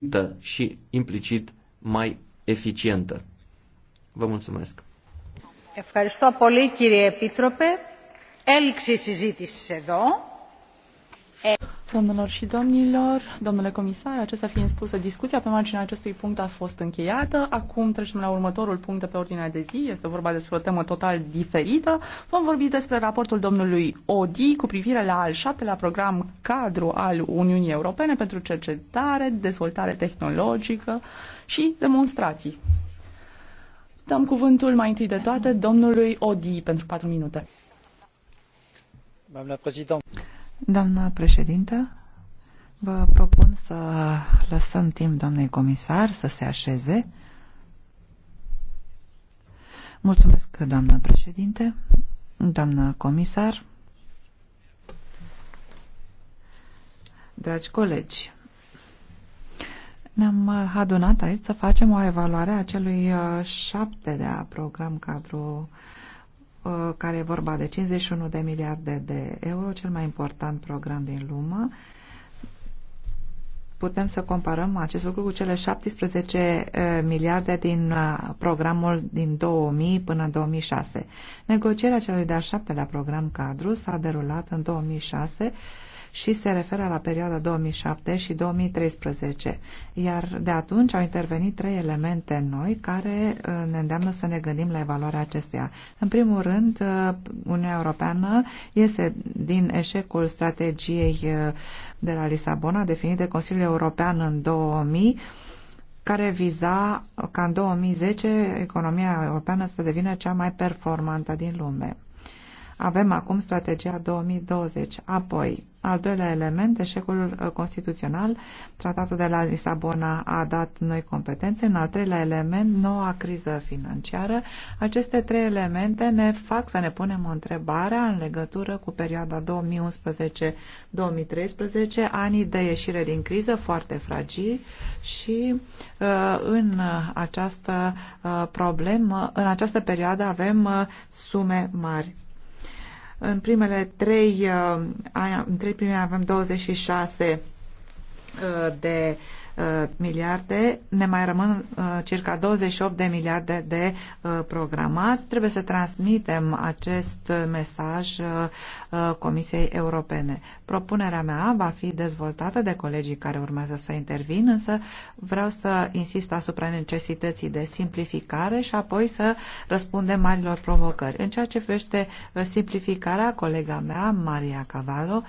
eficientă și implicit mai eficientă. Vă mulțumesc. Ευχαριστώ πολύ κύριε Επίτροπε. Έλξη συζήτηση εδώ. Domnilor și domnilor, domnule comisar, acesta fiind spusă, discuția pe marginea acestui punct a fost încheiată. Acum trecem la următorul punct de pe ordinea de zi. Este vorba despre o temă total diferită. Vom vorbi despre raportul domnului Odi cu privire la al șaptelea program cadru al Uniunii Europene pentru cercetare, dezvoltare tehnologică și demonstrații. Dăm cuvântul mai întâi de toate domnului Odi pentru patru minute. Doamna președinte. Doamna președintă, vă propun să lăsăm timp doamnei comisar să se așeze. Mulțumesc, doamnă președinte, doamnă comisar, dragi colegi. Ne-am adunat aici să facem o evaluare a celui uh, șapte de -a program cadru Uh, care e vorba de 51 de miliarde de euro, cel mai important program din lume. Putem să comparăm acest lucru cu cele 17 uh, miliarde din uh, programul din 2000 până 2006. Negocierea celui de-al șaptelea program cadru s-a derulat în 2006 și se referă la perioada 2007 și 2013. Iar de atunci au intervenit trei elemente noi care uh, ne îndeamnă să ne gândim la evaluarea acestuia. În primul rând, uh, Uniunea Europeană iese din eșecul strategiei uh, de la Lisabona, definit de Consiliul European în 2000, care viza ca în 2010 economia europeană să devină cea mai performantă din lume. Avem acum strategia 2020, apoi al doilea element, eșecul uh, constituțional, tratatul de la Lisabona a dat noi competențe. În al treilea element, noua criză financiară. Aceste trei elemente ne fac să ne punem întrebarea în legătură cu perioada 2011-2013, anii de ieșire din criză foarte fragili și uh, în această uh, problemă, în această perioadă avem sume mari în primele trei, uh, în trei primele avem 26 uh, de Uh, miliarde, ne mai rămân uh, circa 28 de miliarde de uh, programat. Trebuie să transmitem acest mesaj Comisiei Europene. Propunerea mea va fi dezvoltată de colegii care urmează să intervin, însă vreau să insist asupra necesității de simplificare și apoi să răspundem marilor provocări. În ceea ce privește simplificarea, colega mea, Maria Cavallo,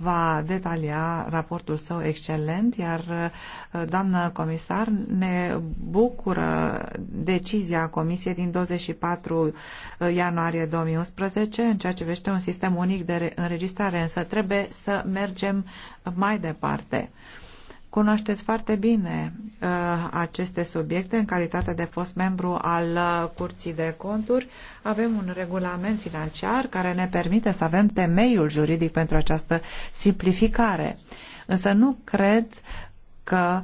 va detalia raportul său excelent, iar uh, doamnă comisar, ne bucură decizia Comisiei din 24 uh, ianuarie 2011 în ceea ce vește un sistem unic de înregistrare, însă trebuie să mergem mai departe Cunoașteți foarte bine uh, aceste subiecte în calitate de fost membru al uh, Curții de Conturi. Avem un regulament financiar care ne permite să avem temeiul juridic pentru această simplificare. Însă nu cred că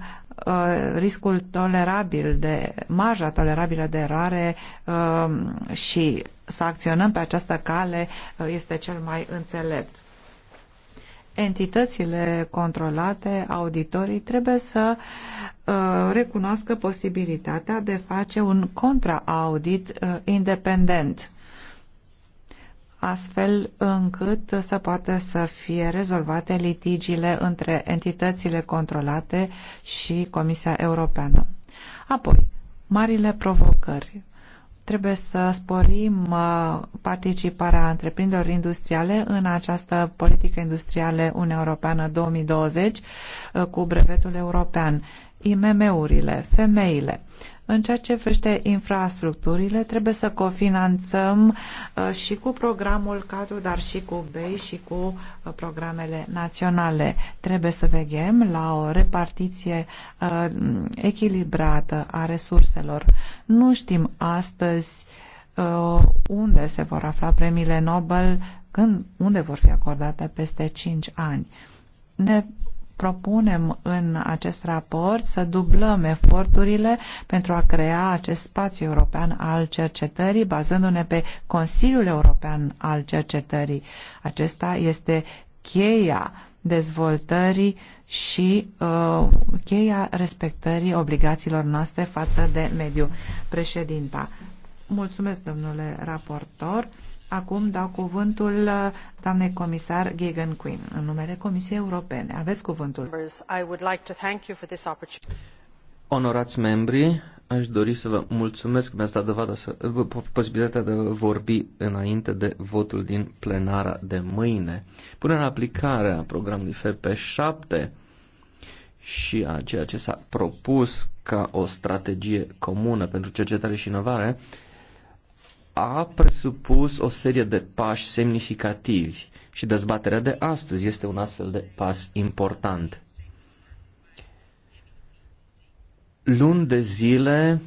uh, riscul tolerabil de marja tolerabilă de erare uh, și să acționăm pe această cale uh, este cel mai înțelept entitățile controlate, auditorii, trebuie să uh, recunoască posibilitatea de face un contra-audit uh, independent astfel încât să poată să fie rezolvate litigiile între entitățile controlate și Comisia Europeană. Apoi, marile provocări Trebuie să sporim uh, participarea întreprinderilor industriale în această politică industrială Uniunea Europeană 2020 uh, cu brevetul european. IMM-urile, femeile, în ceea ce privește infrastructurile, trebuie să cofinanțăm uh, și cu programul cadru, dar și cu BEI și cu uh, programele naționale. Trebuie să veghem la o repartiție uh, echilibrată a resurselor. Nu știm astăzi unde se vor afla premiile Nobel, când, unde vor fi acordate peste 5 ani. Ne propunem în acest raport să dublăm eforturile pentru a crea acest spațiu european al cercetării, bazându-ne pe Consiliul European al Cercetării. Acesta este cheia dezvoltării și uh, cheia respectării obligațiilor noastre față de mediu. Președinta, mulțumesc domnule raportor. Acum dau cuvântul uh, doamnei comisar Gagan Quinn în numele Comisiei Europene. Aveți cuvântul. Onorați membri, aș dori să vă mulțumesc mi-ați dat dovadă să, posibilitatea de a vorbi înainte de votul din plenara de mâine. Până în aplicarea programului FP7 și a ceea ce s-a propus ca o strategie comună pentru cercetare și inovare, a presupus o serie de pași semnificativi și dezbaterea de astăzi este un astfel de pas important. Luni de zile,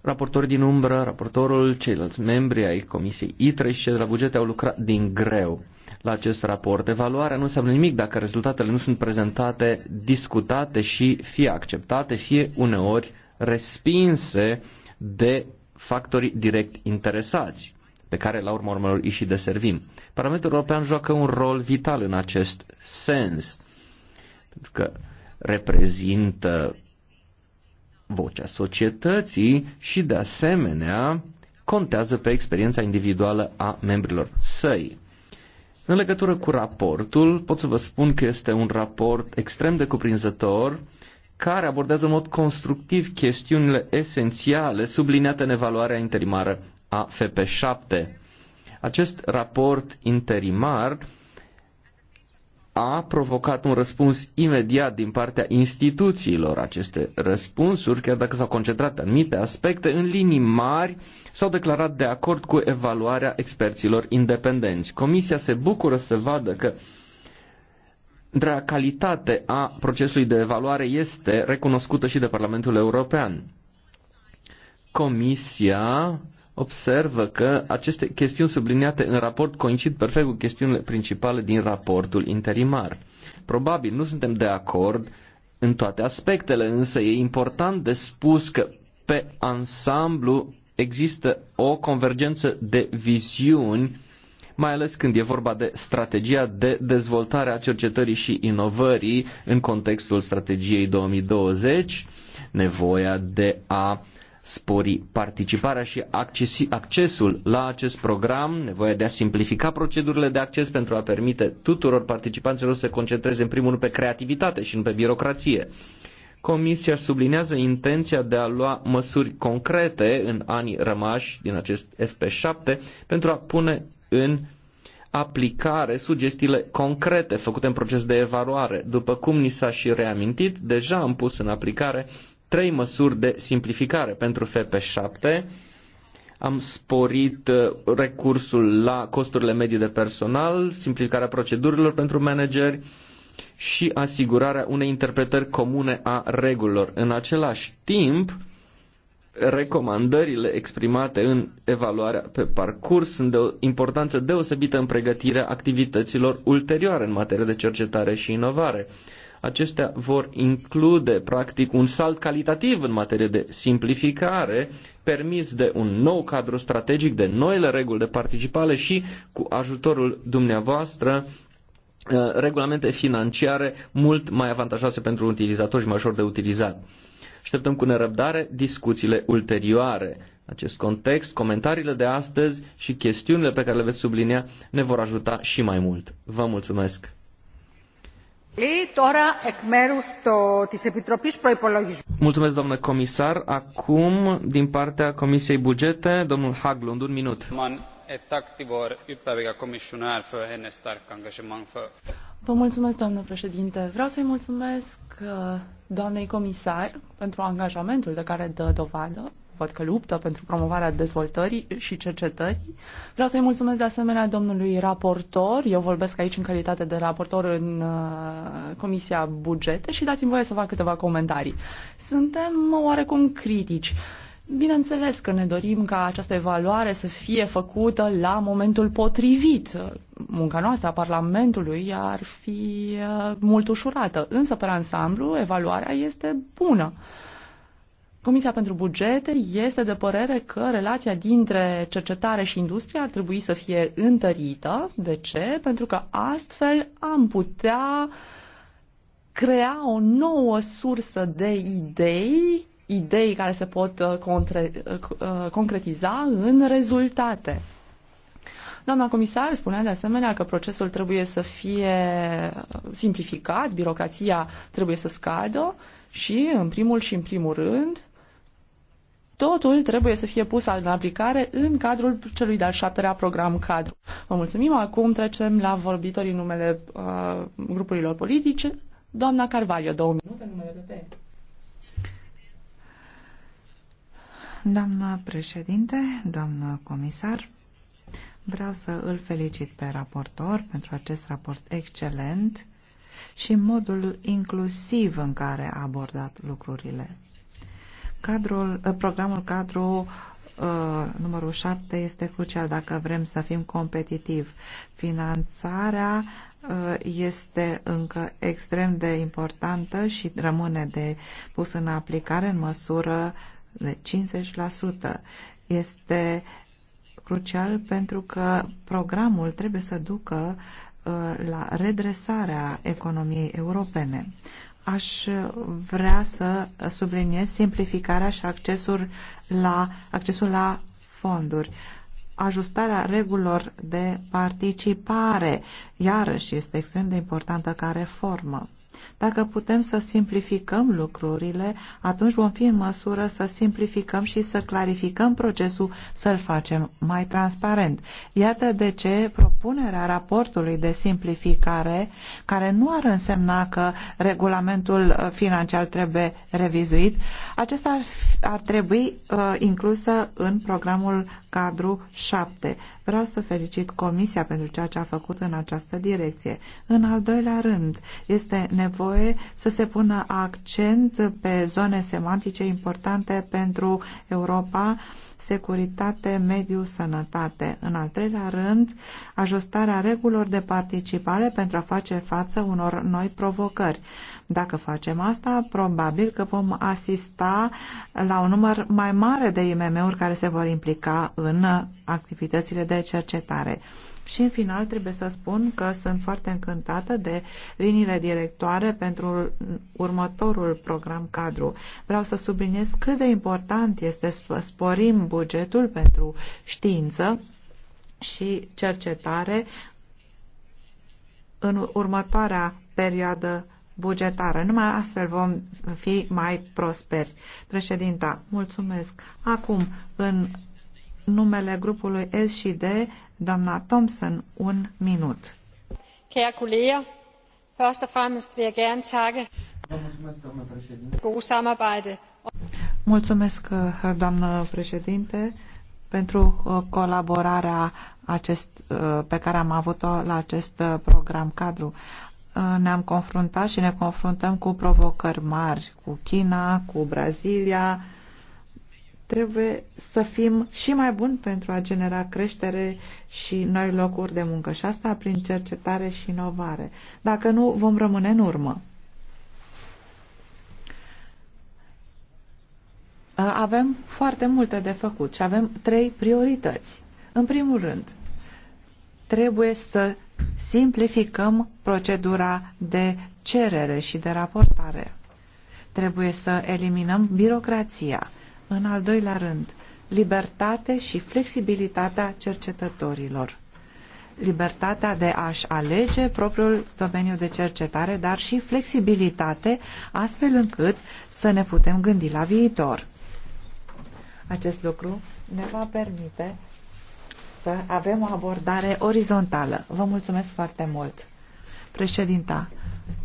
raportorii din umbră, raportorul, ceilalți membri ai Comisiei ITRE și cei de la bugete au lucrat din greu la acest raport. Evaluarea nu înseamnă nimic dacă rezultatele nu sunt prezentate, discutate și fie acceptate, fie uneori respinse de factorii direct interesați, pe care la urmă urmelor îi și deservim. Parlamentul European joacă un rol vital în acest sens, pentru că reprezintă vocea societății și, de asemenea, contează pe experiența individuală a membrilor săi. În legătură cu raportul, pot să vă spun că este un raport extrem de cuprinzător, care abordează în mod constructiv chestiunile esențiale subliniate în evaluarea interimară a FP7. Acest raport interimar a provocat un răspuns imediat din partea instituțiilor. Aceste răspunsuri, chiar dacă s-au concentrat în anumite aspecte, în linii mari s-au declarat de acord cu evaluarea experților independenți. Comisia se bucură să vadă că Dra calitate a procesului de evaluare este recunoscută și de Parlamentul European. Comisia observă că aceste chestiuni subliniate în raport coincid perfect cu chestiunile principale din raportul interimar. Probabil nu suntem de acord în toate aspectele, însă e important de spus că pe ansamblu există o convergență de viziuni mai ales când e vorba de strategia de dezvoltare a cercetării și inovării în contextul strategiei 2020, nevoia de a spori participarea și accesul la acest program, nevoia de a simplifica procedurile de acces pentru a permite tuturor participanților să se concentreze în primul rând pe creativitate și nu pe birocrație. Comisia sublinează intenția de a lua măsuri concrete în anii rămași din acest FP7 pentru a pune în aplicare sugestiile concrete făcute în proces de evaluare. După cum ni s-a și reamintit, deja am pus în aplicare trei măsuri de simplificare pentru FP7. Am sporit uh, recursul la costurile medii de personal, simplificarea procedurilor pentru manageri și asigurarea unei interpretări comune a regulilor. În același timp, recomandările exprimate în evaluarea pe parcurs sunt de o importanță deosebită în pregătirea activităților ulterioare în materie de cercetare și inovare. Acestea vor include, practic, un salt calitativ în materie de simplificare, permis de un nou cadru strategic, de noile reguli de participare și, cu ajutorul dumneavoastră, uh, regulamente financiare mult mai avantajoase pentru utilizatori și mai ușor de utilizat. Așteptăm cu nerăbdare discuțiile ulterioare. În acest context, comentariile de astăzi și chestiunile pe care le veți sublinia ne vor ajuta și mai mult. Vă mulțumesc! Mulțumesc, doamnă comisar. Acum, din partea Comisiei Bugete, domnul Haglund, un minut. Vă mulțumesc, doamnă președinte. Vreau să-i mulțumesc Uh, doamnei comisar pentru angajamentul de care dă dovadă. Văd că luptă pentru promovarea dezvoltării și cercetării. Vreau să-i mulțumesc de asemenea domnului raportor. Eu vorbesc aici în calitate de raportor în uh, Comisia Bugete și dați-mi voie să fac câteva comentarii. Suntem oarecum critici. Bineînțeles că ne dorim ca această evaluare să fie făcută la momentul potrivit. Munca noastră a Parlamentului ar fi uh, mult ușurată, însă, pe ansamblu, evaluarea este bună. Comisia pentru bugete este de părere că relația dintre cercetare și industrie ar trebui să fie întărită. De ce? Pentru că astfel am putea crea o nouă sursă de idei idei care se pot uh, contre, uh, uh, concretiza în rezultate. Doamna comisar spunea de asemenea că procesul trebuie să fie simplificat, birocrația trebuie să scadă și, în primul și în primul rând, totul trebuie să fie pus în aplicare în cadrul celui de-al șaptelea program cadru. Vă mulțumim. Acum trecem la vorbitorii numele uh, grupurilor politice. Doamna Carvalho, două minute, numele PP. Doamna președinte, doamnă comisar, vreau să îl felicit pe raportor pentru acest raport excelent și modul inclusiv în care a abordat lucrurile. Cadrul, ă, programul cadru ă, numărul 7 este crucial dacă vrem să fim competitivi. Finanțarea ă, este încă extrem de importantă și rămâne de pus în aplicare în măsură de 50%. Este crucial pentru că programul trebuie să ducă uh, la redresarea economiei europene. Aș uh, vrea să subliniez simplificarea și accesul la, accesul la fonduri ajustarea regulilor de participare, iarăși este extrem de importantă ca reformă. Dacă putem să simplificăm lucrurile, atunci vom fi în măsură să simplificăm și să clarificăm procesul, să-l facem mai transparent. Iată de ce propunerea raportului de simplificare, care nu ar însemna că regulamentul financiar trebuie revizuit, acesta ar, ar trebui uh, inclusă în programul cadru 7. Vreau să felicit Comisia pentru ceea ce a făcut în această direcție. În al doilea rând, este nevoie să se pună accent pe zone semantice importante pentru Europa, securitate, mediu, sănătate. În al treilea rând, ajustarea regulilor de participare pentru a face față unor noi provocări. Dacă facem asta, probabil că vom asista la un număr mai mare de IMM-uri care se vor implica în activitățile de cercetare. Și în final trebuie să spun că sunt foarte încântată de liniile directoare pentru următorul program cadru. Vreau să subliniez cât de important este să sporim bugetul pentru știință și cercetare în următoarea perioadă bugetară. Numai astfel vom fi mai prosperi. Președinta, mulțumesc. Acum, în numele grupului S și D, Doamna Thompson, un minut. Mulțumesc, uh, doamnă președinte, pentru uh, colaborarea acest, uh, pe care am avut-o la acest program cadru ne-am confruntat și ne confruntăm cu provocări mari, cu China, cu Brazilia, trebuie să fim și mai buni pentru a genera creștere și noi locuri de muncă și asta prin cercetare și inovare. Dacă nu, vom rămâne în urmă. Uh, avem foarte multe de făcut și avem trei priorități. În primul rând, trebuie să simplificăm procedura de cerere și de raportare. Trebuie să eliminăm birocrația în al doilea rând, libertate și flexibilitatea cercetătorilor. Libertatea de a-și alege propriul domeniu de cercetare, dar și flexibilitate, astfel încât să ne putem gândi la viitor. Acest lucru ne va permite să avem o abordare orizontală. Vă mulțumesc foarte mult. Președinta,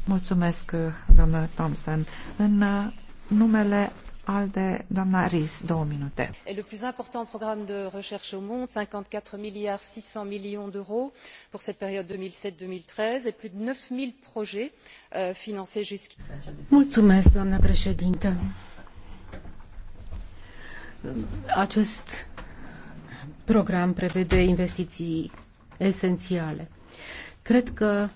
mulțumesc, domnule Thompson. În uh, numele ALDE, doamna Ris, două minute. Est le plus important program de recherche au monde, 54 milliards 600 millions d'euros pour cette période 2007-2013 et plus de 9000 projets euh, financés jusqu'à Mulțumesc, doamna președintă. Acest program prevede investiții esențiale. Cred că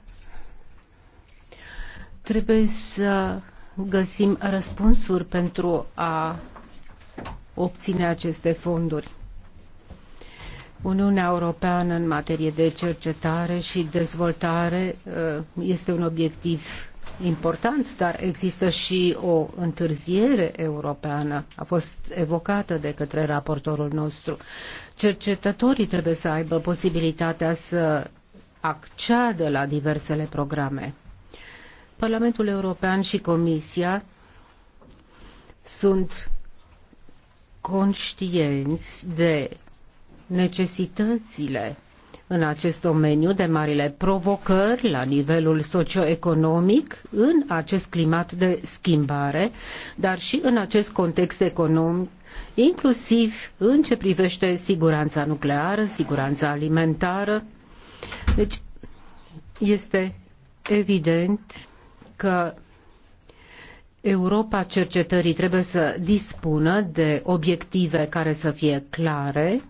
trebuie să găsim răspunsuri pentru a obține aceste fonduri. Uniunea Europeană în materie de cercetare și dezvoltare uh, este un obiectiv important, dar există și o întârziere europeană. A fost evocată de către raportorul nostru. Cercetătorii trebuie să aibă posibilitatea să acceadă la diversele programe. Parlamentul European și Comisia sunt conștienți de necesitățile în acest domeniu, de marile provocări la nivelul socioeconomic, în acest climat de schimbare, dar și în acest context economic, inclusiv în ce privește siguranța nucleară, siguranța alimentară. Deci, este evident că Europa cercetării trebuie să dispună de obiective care să fie clare.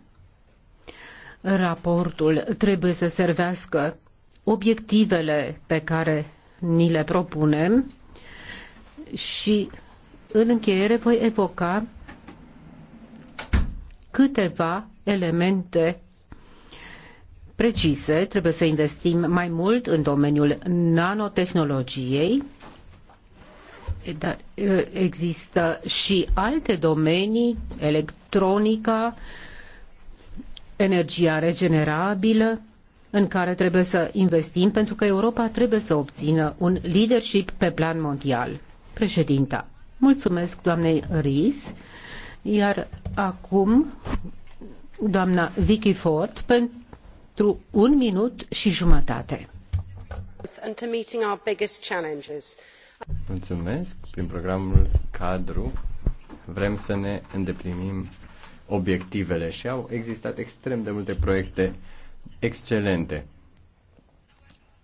Raportul trebuie să servească obiectivele pe care ni le propunem și în încheiere voi evoca câteva elemente precise. Trebuie să investim mai mult în domeniul nanotehnologiei, dar există și alte domenii, electronica, energia regenerabilă, în care trebuie să investim pentru că Europa trebuie să obțină un leadership pe plan mondial. Președinta, mulțumesc doamnei Ries, iar acum doamna Vicky Ford pentru pentru un minut și jumătate. Mulțumesc. Prin programul cadru vrem să ne îndeplinim obiectivele și au existat extrem de multe proiecte excelente.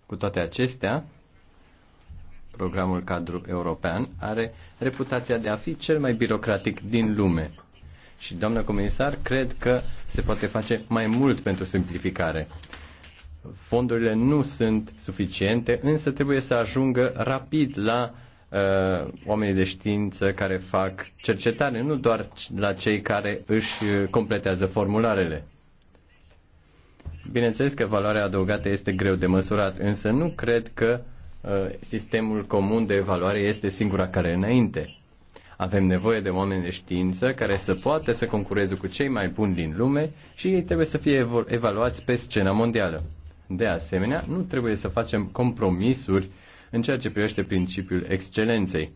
Cu toate acestea, programul cadru european are reputația de a fi cel mai birocratic din lume. Și, doamnă comisar, cred că se poate face mai mult pentru simplificare. Fondurile nu sunt suficiente, însă trebuie să ajungă rapid la uh, oamenii de știință care fac cercetare, nu doar la cei care își completează formularele. Bineînțeles că valoarea adăugată este greu de măsurat, însă nu cred că uh, sistemul comun de evaluare este singura care înainte avem nevoie de oameni de știință care să poată să concureze cu cei mai buni din lume și ei trebuie să fie evaluați pe scena mondială. De asemenea, nu trebuie să facem compromisuri în ceea ce privește principiul excelenței.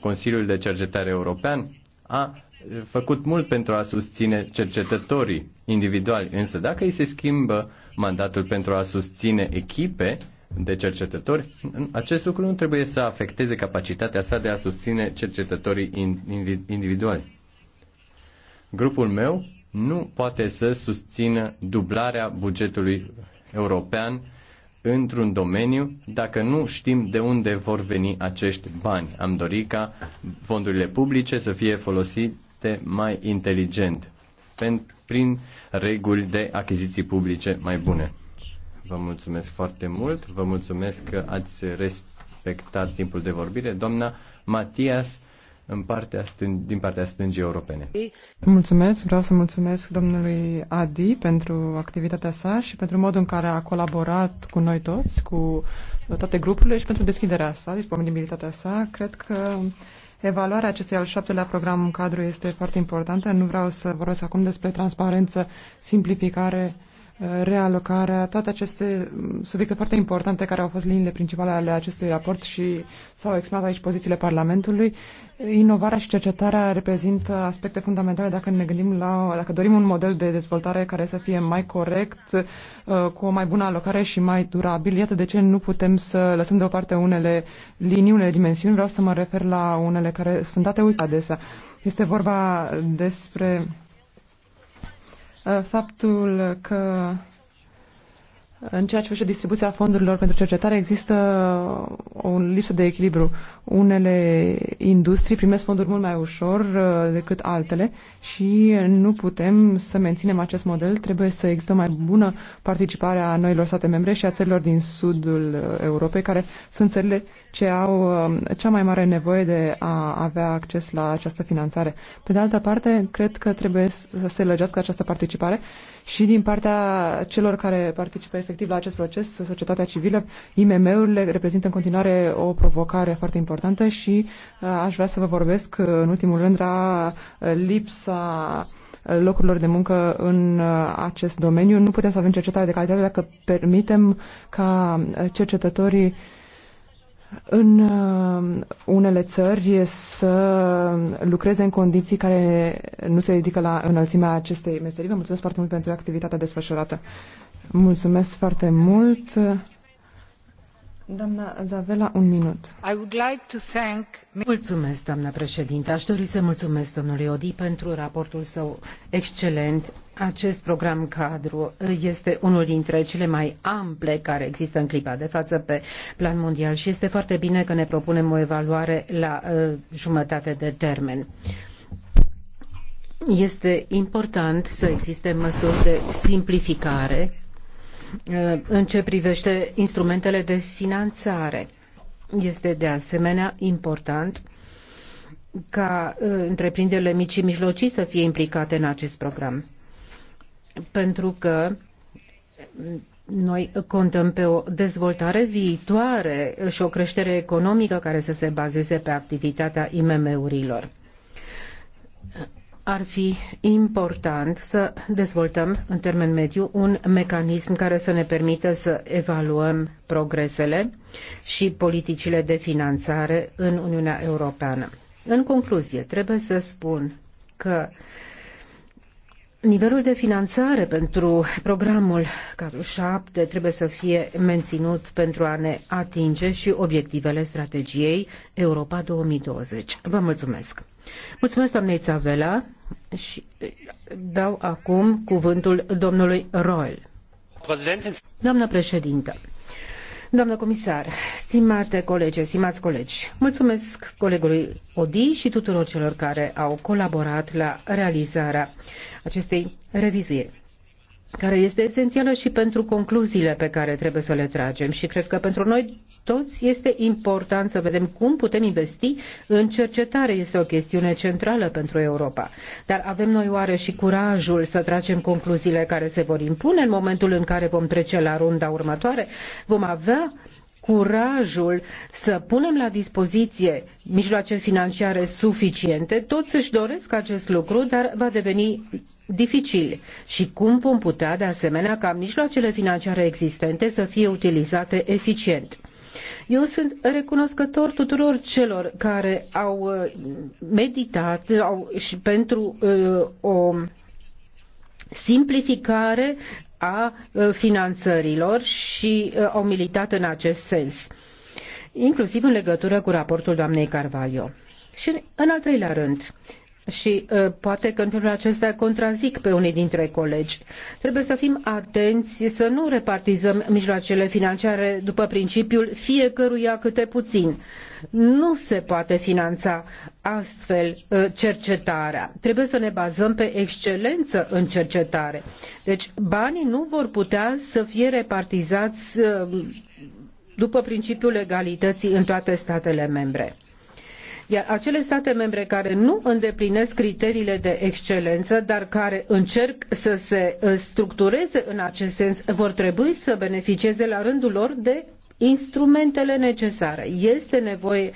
Consiliul de Cercetare European a făcut mult pentru a susține cercetătorii individuali, însă dacă îi se schimbă mandatul pentru a susține echipe, de cercetători, acest lucru nu trebuie să afecteze capacitatea sa de a susține cercetătorii individuali. Grupul meu nu poate să susțină dublarea bugetului european într-un domeniu dacă nu știm de unde vor veni acești bani. Am dorit ca fondurile publice să fie folosite mai inteligent, prin reguli de achiziții publice mai bune. Vă mulțumesc foarte mult. Vă mulțumesc că ați respectat timpul de vorbire. Doamna Matias, în partea stâng- din partea stângii europene. Mulțumesc, vreau să mulțumesc domnului Adi pentru activitatea sa și pentru modul în care a colaborat cu noi toți, cu toate grupurile și pentru deschiderea sa, disponibilitatea sa. Cred că evaluarea acestui al șaptelea program în cadru este foarte importantă. Nu vreau să vorbesc acum despre transparență, simplificare realocarea, toate aceste subiecte foarte importante care au fost liniile principale ale acestui raport și s-au exprimat aici pozițiile Parlamentului. Inovarea și cercetarea reprezintă aspecte fundamentale dacă ne gândim la, dacă dorim un model de dezvoltare care să fie mai corect, uh, cu o mai bună alocare și mai durabil. Iată de ce nu putem să lăsăm deoparte unele linii, unele dimensiuni. Vreau să mă refer la unele care sunt date uite adesea. Este vorba despre Uh, faptul că în ceea ce privește distribuția fondurilor pentru cercetare există o lipsă de echilibru unele industrii primesc fonduri mult mai ușor uh, decât altele și nu putem să menținem acest model. Trebuie să există mai bună participare a noilor state membre și a țărilor din sudul uh, Europei, care sunt țările ce au uh, cea mai mare nevoie de a avea acces la această finanțare. Pe de altă parte, cred că trebuie să se lăgească această participare și din partea celor care participă efectiv la acest proces, societatea civilă, IMM-urile reprezintă în continuare o provocare foarte importantă importantă și uh, aș vrea să vă vorbesc uh, în ultimul rând la uh, lipsa locurilor de muncă în acest domeniu. Nu putem să avem cercetare de calitate dacă permitem ca cercetătorii în unele țări să lucreze în condiții care nu se ridică la înălțimea acestei meserii. Vă mulțumesc foarte mult pentru activitatea desfășurată. Mulțumesc foarte mult. Doamna Zavela, un minut. Mulțumesc, președinte. Aș dori să mulțumesc domnului Odi pentru raportul său excelent. Acest program cadru este unul dintre cele mai ample care există în clipa de față pe plan mondial și este foarte bine că ne propunem o evaluare la uh, jumătate de termen. Este important să existe măsuri de simplificare Uh, în ce privește instrumentele de finanțare. Este de asemenea important ca uh, întreprinderile mici și mijlocii să fie implicate în acest program. Pentru că noi contăm pe o dezvoltare viitoare și o creștere economică care să se bazeze pe activitatea IMM-urilor ar fi important să dezvoltăm în termen mediu un mecanism care să ne permită să evaluăm progresele și politicile de finanțare în Uniunea Europeană. În concluzie, trebuie să spun că Nivelul de finanțare pentru programul 7 trebuie să fie menținut pentru a ne atinge și obiectivele strategiei Europa 2020. Vă mulțumesc! Mulțumesc, doamnei Țavela! Și dau acum cuvântul domnului Roel. Doamnă președintă, doamnă comisar, stimate colegi, stimați colegi, mulțumesc colegului Odi și tuturor celor care au colaborat la realizarea acestei revizuiri care este esențială și pentru concluziile pe care trebuie să le tragem. Și cred că pentru noi toți este important să vedem cum putem investi în cercetare. Este o chestiune centrală pentru Europa. Dar avem noi oare și curajul să tragem concluziile care se vor impune în momentul în care vom trece la runda următoare? Vom avea curajul să punem la dispoziție mijloace financiare suficiente. Toți își doresc acest lucru, dar va deveni dificil. Și cum vom putea, de asemenea, ca mijloacele financiare existente să fie utilizate eficient? Eu sunt recunoscător tuturor celor care au uh, meditat au, și pentru uh, o simplificare a finanțărilor și au militat în acest sens, inclusiv în legătură cu raportul doamnei Carvalho. Și în al treilea rând, și uh, poate că în felul acesta contrazic pe unii dintre colegi. Trebuie să fim atenți să nu repartizăm mijloacele financiare după principiul fiecăruia câte puțin. Nu se poate finanța astfel uh, cercetarea. Trebuie să ne bazăm pe excelență în cercetare. Deci banii nu vor putea să fie repartizați uh, după principiul egalității în toate statele membre. Iar acele state membre care nu îndeplinesc criteriile de excelență, dar care încerc să se uh, structureze în acest sens, vor trebui să beneficieze la rândul lor de instrumentele necesare. Este nevoie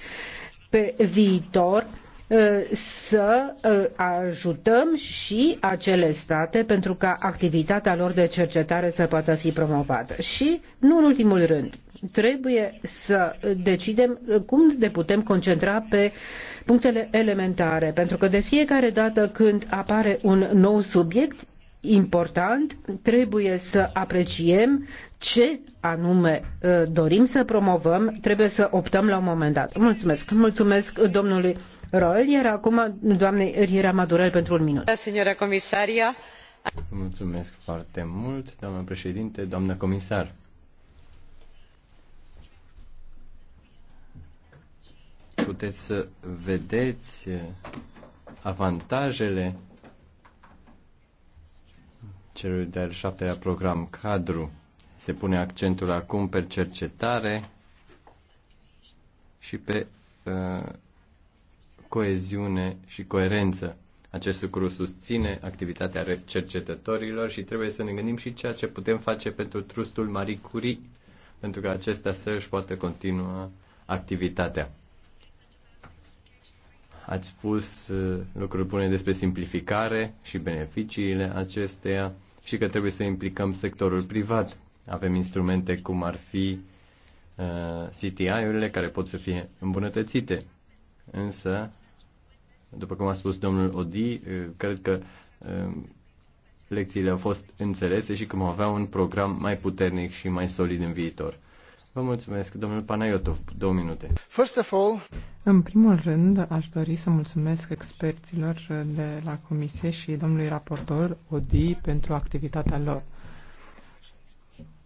pe viitor uh, să uh, ajutăm și acele state pentru ca activitatea lor de cercetare să poată fi promovată. Și, nu în ultimul rând, trebuie să decidem cum ne putem concentra pe punctele elementare, pentru că de fiecare dată când apare un nou subiect important, trebuie să apreciem ce anume uh, dorim să promovăm, trebuie să optăm la un moment dat. Mulțumesc. Mulțumesc domnului Roel, iar acum doamnei Riera Madurel pentru un minut. Mulțumesc foarte mult, doamnă președinte, doamnă comisar. puteți să vedeți uh, avantajele celui de-al șaptelea program cadru. Se pune accentul acum pe cercetare și pe uh, coeziune și coerență. Acest lucru susține activitatea cercetătorilor și trebuie să ne gândim și ceea ce putem face pentru trustul Marie Curie, pentru că acesta să își poată continua activitatea ați spus uh, lucruri bune despre simplificare și beneficiile acesteia și că trebuie să implicăm sectorul privat. Avem instrumente cum ar fi uh, CTI-urile care pot să fie îmbunătățite. Însă, după cum a spus domnul Odi, uh, cred că lecțiile au fost înțelese și că vom avea un program mai puternic și mai solid în viitor. Vă mulțumesc, domnul Panayotov, două minute. First of all... În primul rând, aș dori să mulțumesc experților de la Comisie și domnului raportor Odi pentru activitatea lor.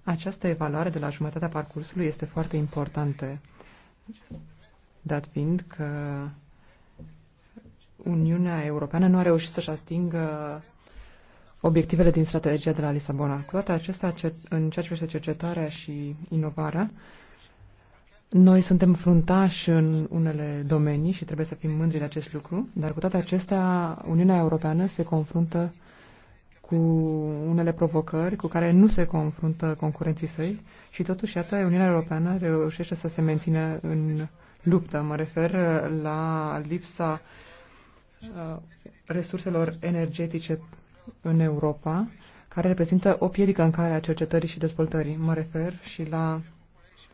Această evaluare de la jumătatea parcursului este foarte importantă, dat fiind că Uniunea Europeană nu a reușit să-și atingă obiectivele din strategia de la Lisabona. Cu toate acestea, în ceea ce privește cercetarea și inovarea, noi suntem fruntași în unele domenii și trebuie să fim mândri de acest lucru, dar cu toate acestea, Uniunea Europeană se confruntă cu unele provocări cu care nu se confruntă concurenții săi și totuși, iată, Uniunea Europeană reușește să se mențină în luptă. Mă refer uh, la lipsa uh, resurselor energetice în Europa care reprezintă o piedică în calea cercetării și dezvoltării. Mă refer și la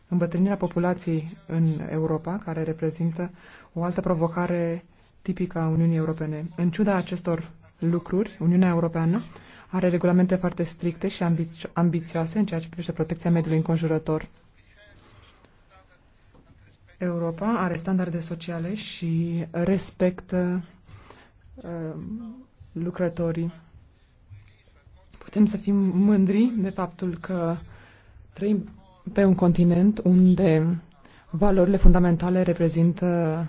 îmbătrânirea populației în Europa, care reprezintă o altă provocare tipică a Uniunii Europene. În ciuda acestor lucruri, Uniunea Europeană are regulamente foarte stricte și ambiț- ambițioase în ceea ce privește protecția mediului înconjurător. Europa are standarde sociale și respectă uh, lucrătorii Putem să fim mândri de faptul că trăim pe un continent unde valorile fundamentale reprezintă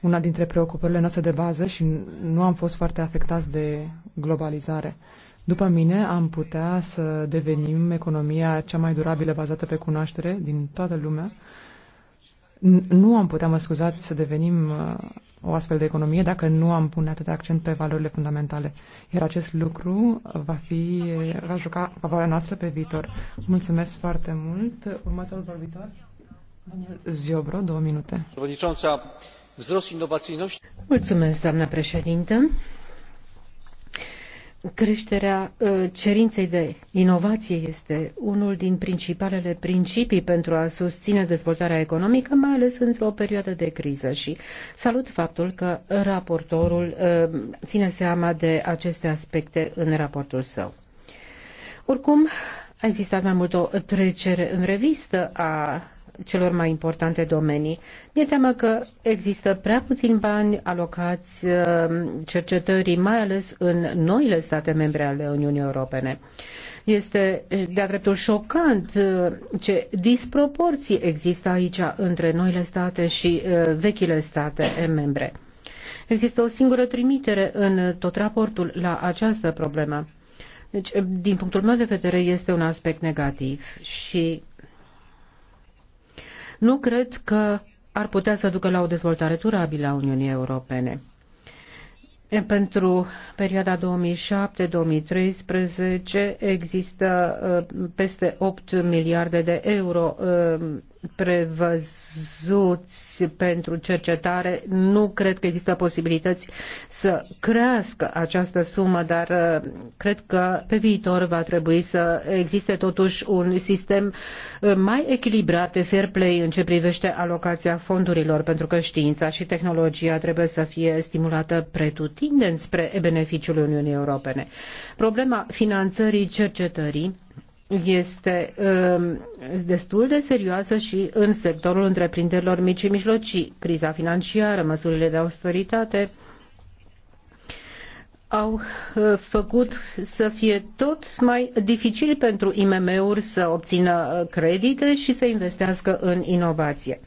una dintre preocupările noastre de bază și nu am fost foarte afectați de globalizare. După mine, am putea să devenim economia cea mai durabilă bazată pe cunoaștere din toată lumea nu am putea, mă scuzați, să devenim uh, o astfel de economie dacă nu am pune atât accent pe valorile fundamentale. Iar acest lucru va fi, va juca favoarea noastră pe viitor. Mulțumesc foarte mult. Următorul vorbitor, domnul Ziobro, două minute. Mulțumesc, doamna președintă. Creșterea ă, cerinței de inovație este unul din principalele principii pentru a susține dezvoltarea economică, mai ales într-o perioadă de criză și salut faptul că raportorul ă, ține seama de aceste aspecte în raportul său. Oricum, a existat mai mult o trecere în revistă a celor mai importante domenii. Mi-e teamă că există prea puțini bani alocați uh, cercetării, mai ales în noile state membre ale Uniunii Europene. Este de-a dreptul șocant uh, ce disproporții există aici între noile state și uh, vechile state membre. Există o singură trimitere în tot raportul la această problemă. Deci, din punctul meu de vedere, este un aspect negativ și nu cred că ar putea să ducă la o dezvoltare durabilă a Uniunii Europene. Pentru perioada 2007-2013 există uh, peste 8 miliarde de euro uh, prevăzuți pentru cercetare, nu cred că există posibilități să crească această sumă, dar uh, cred că pe viitor va trebui să existe totuși un sistem uh, mai echilibrat de fair play în ce privește alocația fondurilor, pentru că știința și tehnologia trebuie să fie stimulată pretutindeni spre beneficiul Uniunii Europene. Problema finanțării cercetării este um, destul de serioasă și în sectorul întreprinderilor mici și mijlocii. Criza financiară, măsurile de austeritate au uh, făcut să fie tot mai dificil pentru IMM-uri să obțină uh, credite și să investească în inovație.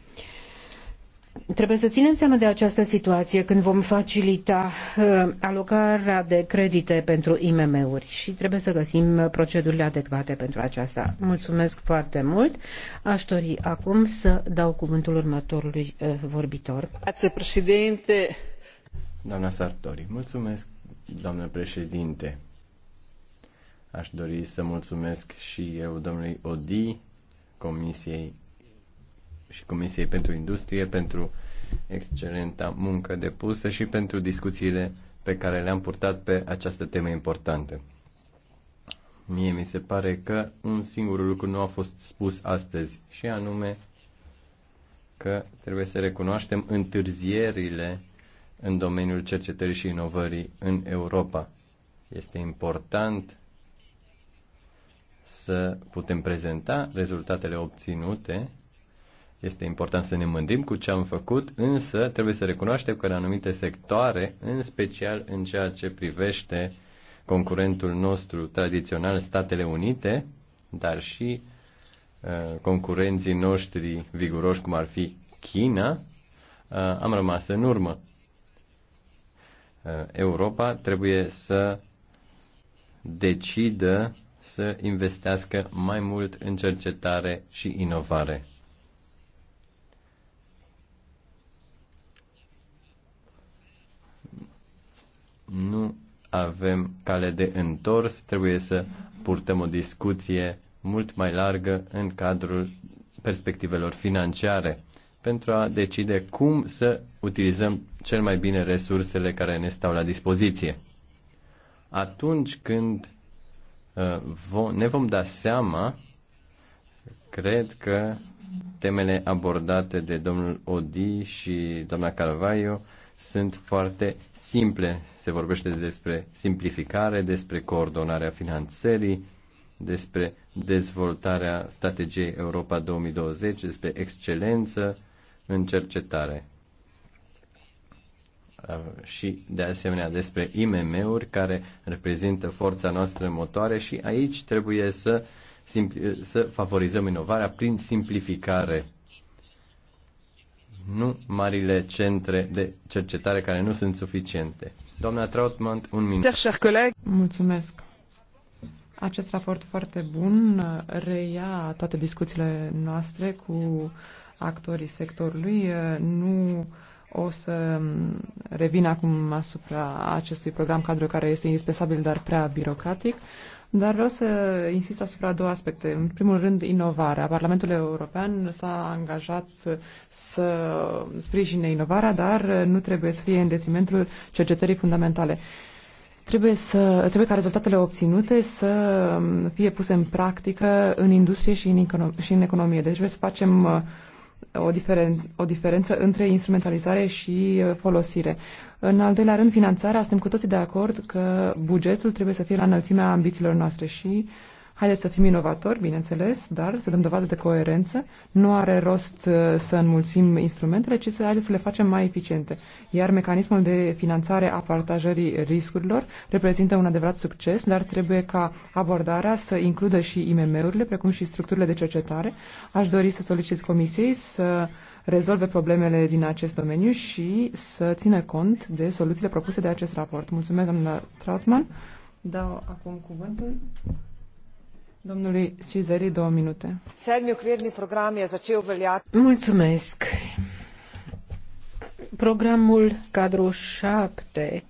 Trebuie să ținem seama de această situație când vom facilita uh, alocarea de credite pentru IMM-uri și trebuie să găsim procedurile adecvate pentru aceasta. Mulțumesc foarte mult. Aș dori acum să dau cuvântul următorului uh, vorbitor. Grazie, președinte. Doamna Sartori, mulțumesc, doamnă președinte. Aș dori să mulțumesc și eu domnului Odi, Comisiei și Comisiei pentru Industrie pentru excelenta muncă depusă și pentru discuțiile pe care le-am purtat pe această temă importantă. Mie mi se pare că un singur lucru nu a fost spus astăzi și anume că trebuie să recunoaștem întârzierile în domeniul cercetării și inovării în Europa. Este important să putem prezenta rezultatele obținute este important să ne mândrim cu ce am făcut, însă trebuie să recunoaștem că în anumite sectoare, în special în ceea ce privește concurentul nostru tradițional, Statele Unite, dar și uh, concurenții noștri viguroși, cum ar fi China, uh, am rămas în urmă. Uh, Europa trebuie să decidă să investească mai mult în cercetare și inovare. nu avem cale de întors, trebuie să purtăm o discuție mult mai largă în cadrul perspectivelor financiare pentru a decide cum să utilizăm cel mai bine resursele care ne stau la dispoziție. Atunci când uh, ne vom da seama, cred că temele abordate de domnul Odi și doamna Carvalho sunt foarte simple. Se vorbește despre simplificare, despre coordonarea finanțării, despre dezvoltarea strategiei Europa 2020, despre excelență în cercetare uh, și de asemenea despre IMM-uri care reprezintă forța noastră motoare și aici trebuie să, să favorizăm inovarea prin simplificare nu marile centre de cercetare care nu sunt suficiente. Doamna Trautmann, un minut. Mulțumesc. Acest raport foarte bun uh, reia toate discuțiile noastre cu actorii sectorului. Uh, nu o să um, revin acum asupra acestui program cadru care este indispensabil, dar prea birocratic. Dar vreau să insist asupra două aspecte. În primul rând, inovarea. Parlamentul European s-a angajat să sprijine inovarea, dar nu trebuie să fie în detrimentul cercetării fundamentale. Trebuie, să, trebuie ca rezultatele obținute să fie puse în practică în industrie și în, econom- și în economie. Deci trebuie să facem uh, o, diferen- o diferență între instrumentalizare și uh, folosire. În al doilea rând, finanțarea. Suntem cu toții de acord că bugetul trebuie să fie la înălțimea ambițiilor noastre și uh, Haideți să fim inovatori, bineînțeles, dar să dăm dovadă de coerență. Nu are rost uh, să înmulțim instrumentele, ci să haideți să le facem mai eficiente. Iar mecanismul de finanțare a partajării riscurilor reprezintă un adevărat succes, dar trebuie ca abordarea să includă și IMM-urile, precum și structurile de cercetare. Aș dori să solicit comisiei să rezolve problemele din acest domeniu și să țină cont de soluțiile propuse de acest raport. Mulțumesc, doamna Trautmann. Dau acum cuvântul Domnului Cizării, două minute. Mulțumesc. Programul cadru 7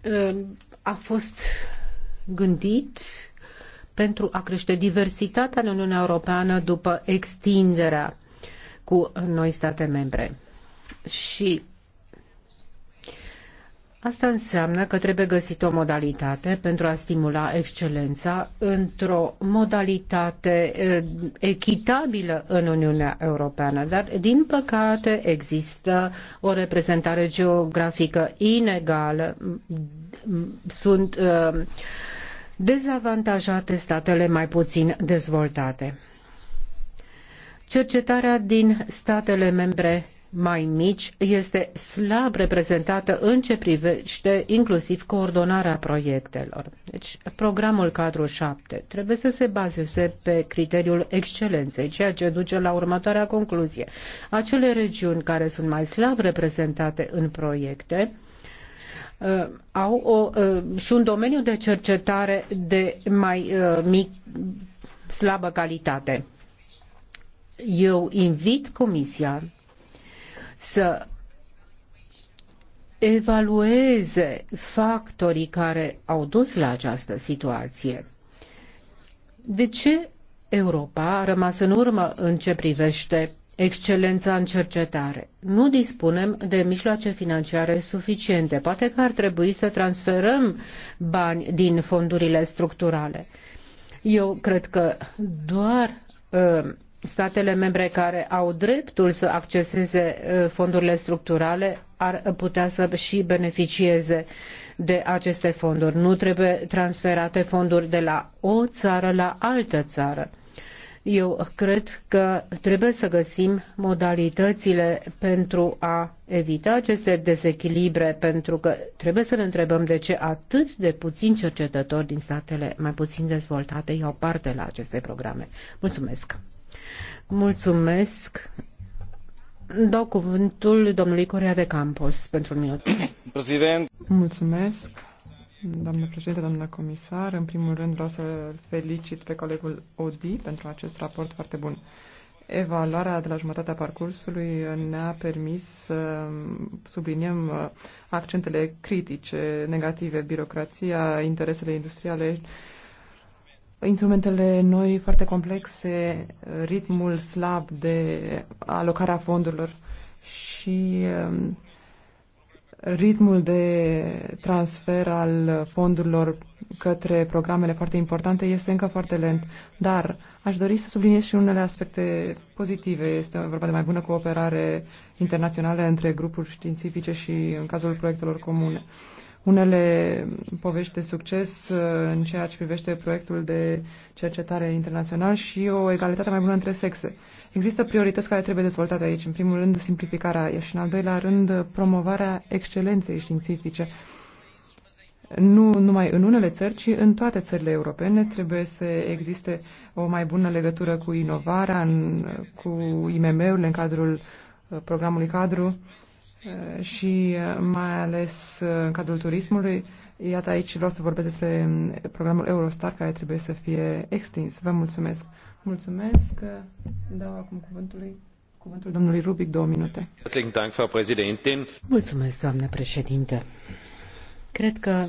eh, a fost gândit pentru a crește diversitatea în Uniunea Europeană după extinderea cu noi state membre. Și Asta înseamnă că trebuie găsit o modalitate pentru a stimula excelența într-o modalitate echitabilă în Uniunea Europeană, dar din păcate există o reprezentare geografică inegală. Sunt dezavantajate statele mai puțin dezvoltate. Cercetarea din statele membre mai mici este slab reprezentată în ce privește inclusiv coordonarea proiectelor. Deci, programul cadru 7 trebuie să se bazeze pe criteriul excelenței, ceea ce duce la următoarea concluzie. Acele regiuni care sunt mai slab reprezentate în proiecte uh, au o, uh, și un domeniu de cercetare de mai uh, mic, slabă calitate. Eu invit Comisia să evalueze factorii care au dus la această situație. De ce Europa a rămas în urmă în ce privește excelența în cercetare? Nu dispunem de mijloace financiare suficiente. Poate că ar trebui să transferăm bani din fondurile structurale. Eu cred că doar uh, statele membre care au dreptul să acceseze uh, fondurile structurale ar putea să și beneficieze de aceste fonduri. Nu trebuie transferate fonduri de la o țară la altă țară. Eu cred că trebuie să găsim modalitățile pentru a evita aceste dezechilibre, pentru că trebuie să ne întrebăm de ce atât de puțini cercetători din statele mai puțin dezvoltate iau parte la aceste programe. Mulțumesc! Mulțumesc. Dau cuvântul domnului Corea de Campos pentru un minut. Prezident. Mulțumesc. Doamne președinte, doamnă comisar, în primul rând vreau să felicit pe colegul Odi pentru acest raport foarte bun. Evaluarea de la jumătatea parcursului ne-a permis să subliniem accentele critice, negative, birocrația, interesele industriale instrumentele noi foarte complexe, ritmul slab de alocarea fondurilor și um, ritmul de transfer al fondurilor către programele foarte importante este încă foarte lent, dar aș dori să subliniez și unele aspecte pozitive. Este vorba de mai bună cooperare internațională între grupuri științifice și în cazul proiectelor comune. Uh, unele povești de succes uh, în ceea ce privește proiectul de cercetare internațional și o egalitate mai bună între sexe. Există priorități care trebuie dezvoltate aici. În primul rând, simplificarea și în al doilea rând, promovarea excelenței științifice. Nu numai în unele țări, ci în toate țările europene trebuie să existe o mai bună legătură cu inovarea, în, cu IMM-urile în cadrul uh, programului cadru Eh, și eh, mai ales eh, în cadrul turismului. Iată aici vreau să vorbesc despre mm, programul Eurostar care trebuie să fie extins. Vă mulțumesc. Mulțumesc. Dau acum cuvântului cuvântul domnului Rubic, două minute. Mulțumesc, doamnă președinte. Cred că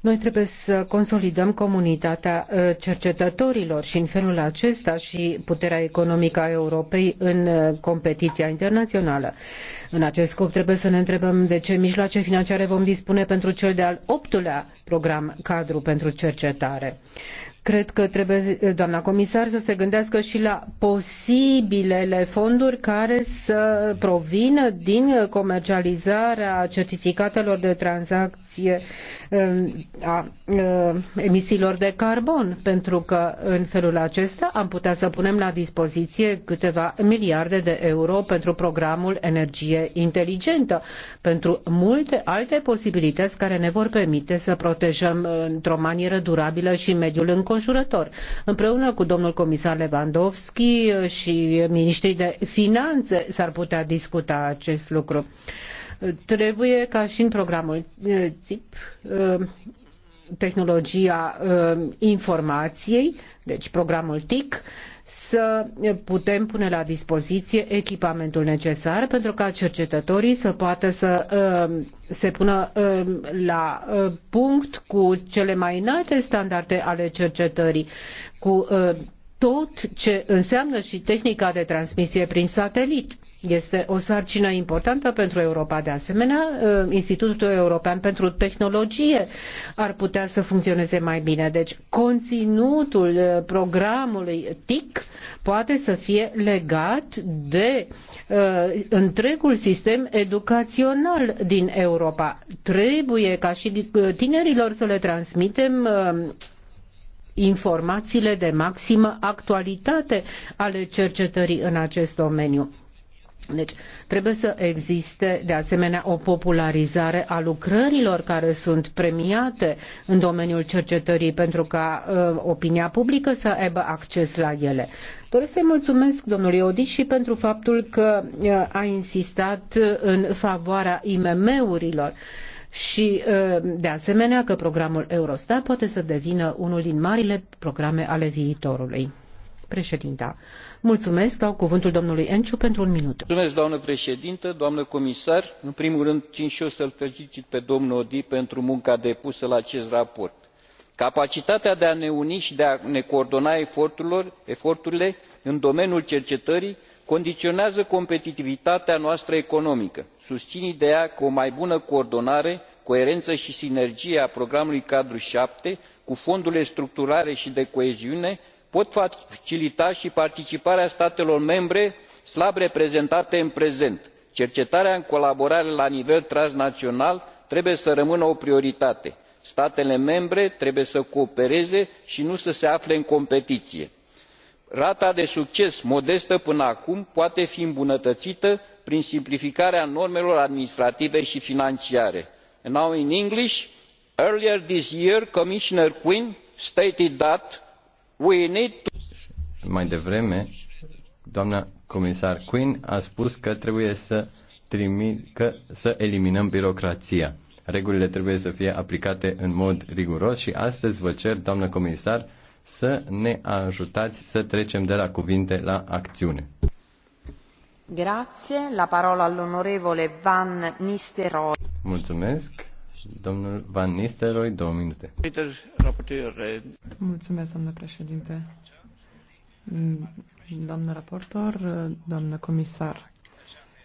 noi trebuie să consolidăm comunitatea ă, cercetătorilor și în felul acesta și puterea economică a Europei în ă, competiția internațională. În acest scop trebuie să ne întrebăm de ce mijloace financiare vom dispune pentru cel de-al optulea program cadru pentru cercetare. Cred că trebuie, eh, doamna comisar, să se gândească și la posibilele fonduri care să provină din comercializarea certificatelor de tranzacție eh, a eh, emisiilor de carbon, pentru că în felul acesta am putea să punem la dispoziție câteva miliarde de euro pentru programul energie inteligentă, pentru multe alte posibilități care ne vor permite să protejăm într-o manieră durabilă și mediul în înconjurător. Împreună cu domnul comisar Lewandowski și ministrii de finanțe s-ar putea discuta acest lucru. Trebuie ca și în programul TIP uh, tehnologia uh, informației, deci programul TIC, să putem pune la dispoziție echipamentul necesar pentru ca cercetătorii să poată să uh, se pună uh, la uh, punct cu cele mai înalte standarde ale cercetării, cu tot ce înseamnă și tehnica de transmisie prin satelit este o sarcină importantă pentru Europa. De asemenea, uh, Institutul European pentru Tehnologie ar putea să funcționeze mai bine. Deci, conținutul uh, programului TIC poate să fie legat de uh, întregul sistem educațional din Europa. Trebuie ca și uh, tinerilor să le transmitem uh, informațiile de maximă actualitate ale cercetării în acest domeniu deci trebuie să existe de asemenea o popularizare a lucrărilor care sunt premiate în domeniul cercetării pentru ca uh, opinia publică să aibă acces la ele. Doresc să-i mulțumesc domnului Odi și pentru faptul că uh, a insistat în favoarea IMM-urilor și uh, de asemenea că programul Eurostat poate să devină unul din marile programe ale viitorului. Președinta, mulțumesc, dau cuvântul domnului Enciu pentru un minut. Mulțumesc, doamnă președintă, doamnă comisar. În primul rând, țin și eu să-l felicit pe domnul Odi pentru munca depusă la acest raport. Capacitatea de a ne uni și de a ne coordona eforturile în domeniul cercetării condiționează competitivitatea noastră economică. Susțin ideea că o mai bună coordonare, coerență și sinergie a programului cadru 7 cu fondurile structurale și de coeziune pot facilita i participarea statelor membre slab reprezentate în prezent. cercetarea în colaborare la nivel transnaional trebuie să rămână o prioritate. statele membre trebuie să coopereze i nu să se afle în competiie. rata de succes modestă până acum poate fi îmbunătăită prin simplificarea normelor administrative i financiare. now in english earlier this year commissioner quinn stated mai devreme, doamna comisar Quinn a spus că trebuie să, trimi, că, să eliminăm birocrația. Regulile trebuie să fie aplicate în mod riguros și astăzi vă cer, doamnă comisar, să ne ajutați să trecem de la cuvinte la acțiune. Grazie. La parola all'onorevole Van Nisteroy. Mulțumesc. Domnul Van Nistelrooy, două minute. Mulțumesc, domnule președinte. Mm, doamnă raportor, doamnă comisar,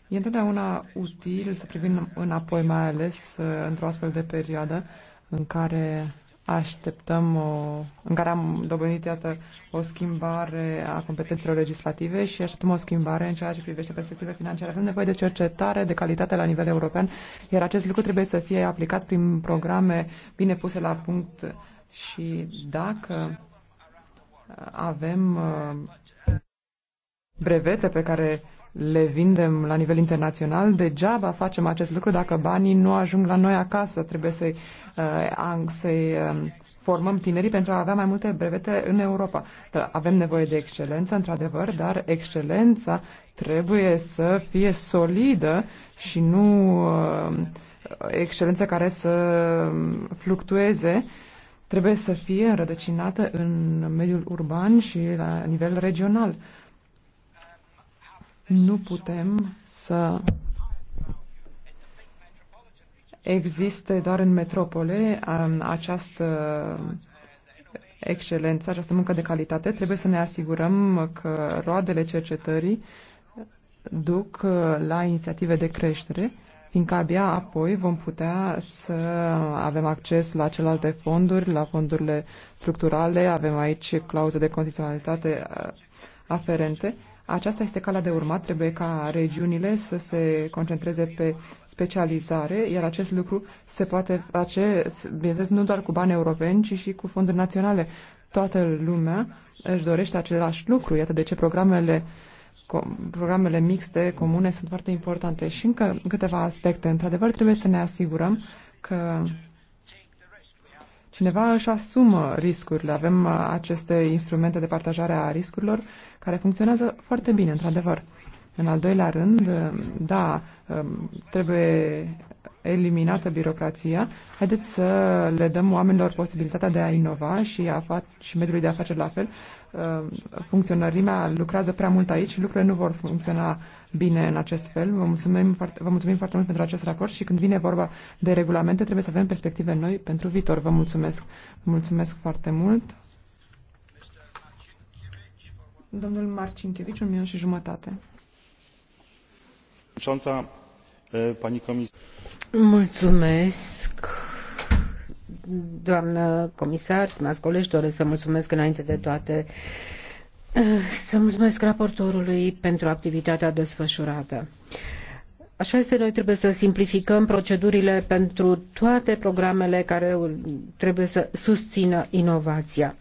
e întotdeauna util să privim înapoi, mai ales uh, într-o astfel de perioadă în care așteptăm o, uh, în care am dobândit, iată, o schimbare a competențelor legislative și așteptăm o schimbare în ceea ce privește perspective financiare. Avem nevoie de cercetare de calitate la nivel european, iar acest lucru trebuie să fie aplicat prin programe bine puse la punct și dacă uh, avem uh, brevete pe care le vindem la nivel internațional, degeaba facem acest lucru dacă banii nu ajung la noi acasă. Trebuie să-i uh, să uh, um, formăm tinerii pentru a avea mai multe brevete în Europa. Da, avem nevoie de excelență, într-adevăr, dar excelența trebuie să fie solidă și nu uh, excelență care să fluctueze. Trebuie să fie înrădăcinată în mediul urban și la nivel regional. Uh, nu putem să existe doar în metropole um, această excelență, această muncă de calitate. Trebuie să ne asigurăm că roadele cercetării duc uh, la inițiative de creștere, fiindcă abia apoi vom putea să avem acces la celelalte fonduri, la fondurile structurale, avem aici clauze de condiționalitate uh, aferente aceasta este calea de urmat. Trebuie ca regiunile să se concentreze pe specializare, iar acest lucru se poate face, bineînțeles, nu doar cu bani europeni, ci și cu fonduri naționale. Toată lumea își dorește același lucru. Iată de ce programele programele mixte, comune, sunt foarte importante. Și încă câteva aspecte. Într-adevăr, trebuie să ne asigurăm că cineva își asumă riscurile. Avem uh, aceste instrumente de partajare a riscurilor care funcționează foarte bine, într-adevăr. În al doilea rând, da, um, trebuie eliminată birocrația. Haideți să le dăm oamenilor posibilitatea de a inova și, a fa- și mediului de afaceri la fel. Um, funcționărimea lucrează prea mult aici, lucrurile nu vor funcționa bine în acest fel. Vă mulțumim, foarte, vă mulțumim foarte mult pentru acest raport și când vine vorba de regulamente trebuie să avem perspective noi pentru viitor. Vă mulțumesc. Mulțumesc foarte mult. Domnul Marcinkevici, un minut și jumătate. Mulțumesc. Doamnă comisar, stimați colegi, doresc să mulțumesc înainte de toate să mulțumesc raportorului pentru activitatea desfășurată. Așa este, noi trebuie să simplificăm procedurile pentru toate programele care trebuie să susțină inovația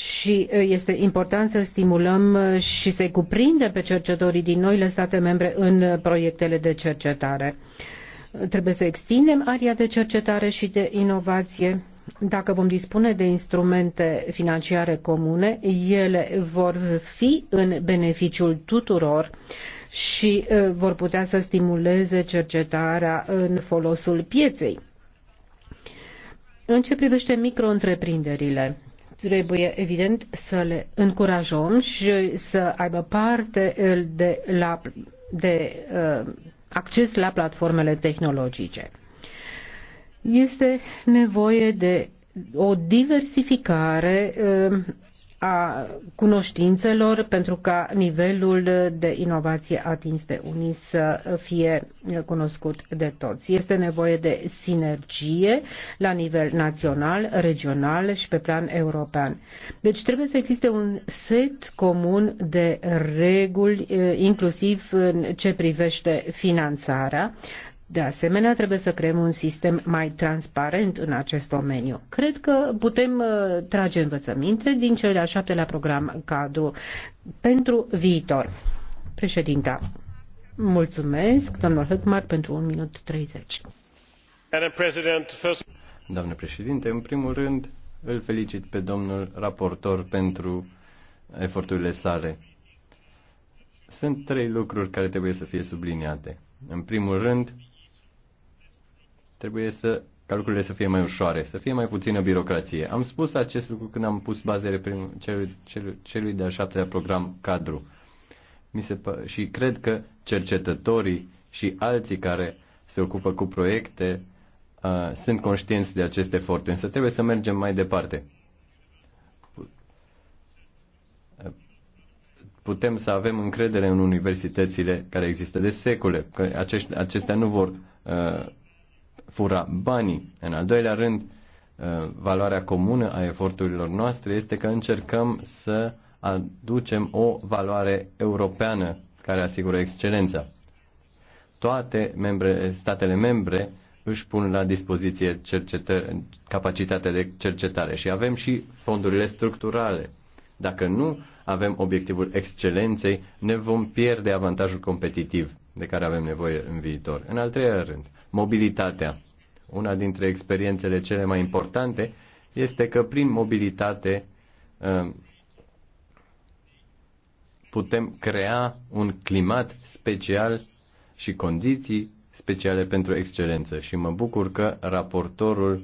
și este important să stimulăm și să cuprindem pe cercetătorii din noile state membre în proiectele de cercetare. Trebuie să extindem aria de cercetare și de inovație. Dacă vom dispune de instrumente financiare comune, ele vor fi în beneficiul tuturor și vor putea să stimuleze cercetarea în folosul pieței. În ce privește micro-întreprinderile, trebuie evident să le încurajăm și să aibă parte de, la, de uh, acces la platformele tehnologice. Este nevoie de o diversificare uh, a cunoștințelor pentru ca nivelul de inovație atins de unii să fie cunoscut de toți. Este nevoie de sinergie la nivel național, regional și pe plan european. Deci trebuie să existe un set comun de reguli, inclusiv în ce privește finanțarea, de asemenea, trebuie să creăm un sistem mai transparent în acest domeniu. Cred că putem uh, trage învățăminte din cel de-al șaptelea program cadru pentru viitor. Președinta, mulțumesc, domnul Hăcmar, pentru 1 minut 30. Doamne președinte, în primul rând îl felicit pe domnul raportor pentru eforturile sale. Sunt trei lucruri care trebuie să fie subliniate. În primul rând, Trebuie să, ca lucrurile să fie mai ușoare, să fie mai puțină birocrație. Am spus acest lucru când am pus bazele prim, celui, celui, celui de-al șaptelea program cadru. Mi se, și cred că cercetătorii și alții care se ocupă cu proiecte uh, sunt conștienți de acest efort, însă trebuie să mergem mai departe. Putem să avem încredere în universitățile care există de secole, că acești, acestea nu vor uh, fura banii. În al doilea rând, uh, valoarea comună a eforturilor noastre este că încercăm să aducem o valoare europeană care asigură excelența. Toate membre, statele membre își pun la dispoziție capacitatea de cercetare și avem și fondurile structurale. Dacă nu avem obiectivul excelenței, ne vom pierde avantajul competitiv de care avem nevoie în viitor. În al treilea rând, mobilitatea. Una dintre experiențele cele mai importante este că prin mobilitate um, putem crea un climat special și condiții speciale pentru excelență și mă bucur că raportorul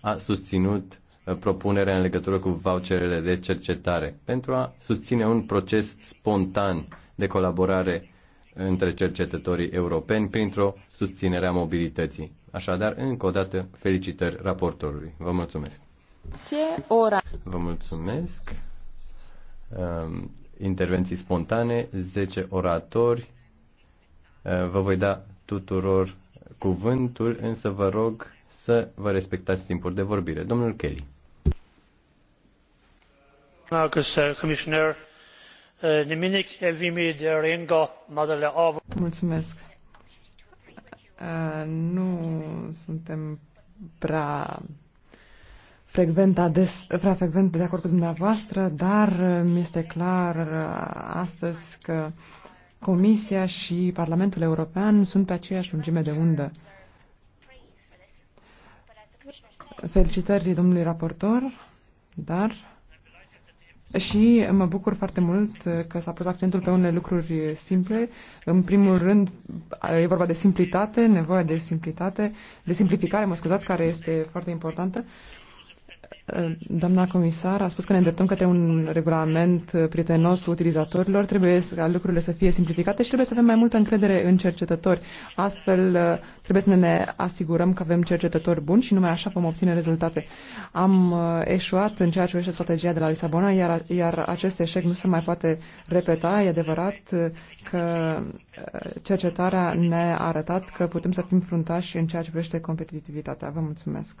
a susținut uh, propunerea în legătură cu voucherele de cercetare pentru a susține un proces spontan de colaborare între cercetătorii europeni printr-o susținere a mobilității. Așadar, încă o dată, felicitări raportorului. Vă mulțumesc. ora. Vă mulțumesc. Intervenții spontane, 10 oratori. Vă voi da tuturor cuvântul, însă vă rog să vă respectați timpul de vorbire. Domnul Kelly. Uh, Comissioner. Eh, Mulțumesc. Eh, nu suntem prea frecvent, ades, prea frecvent de acord cu dumneavoastră, dar eh, mi este clar astăzi că Comisia și Parlamentul European sunt pe aceeași lungime de undă. Felicitări domnului raportor, dar și mă bucur foarte mult că s-a pus accentul pe unele lucruri simple. În primul rând, e vorba de simplitate, nevoia de simplitate, de simplificare, mă scuzați, care este foarte importantă. Doamna comisar a spus că ne îndreptăm către un regulament uh, prietenos utilizatorilor. Trebuie ca lucrurile să fie simplificate și trebuie să avem mai multă încredere în cercetători. Astfel, uh, trebuie să ne asigurăm că avem cercetători buni și numai așa vom obține rezultate. Am uh, eșuat în ceea ce privește strategia de la Lisabona, iar, iar acest eșec nu se mai poate repeta. E adevărat că cercetarea ne-a arătat că putem să fim fruntași în ceea ce privește competitivitatea. Vă mulțumesc!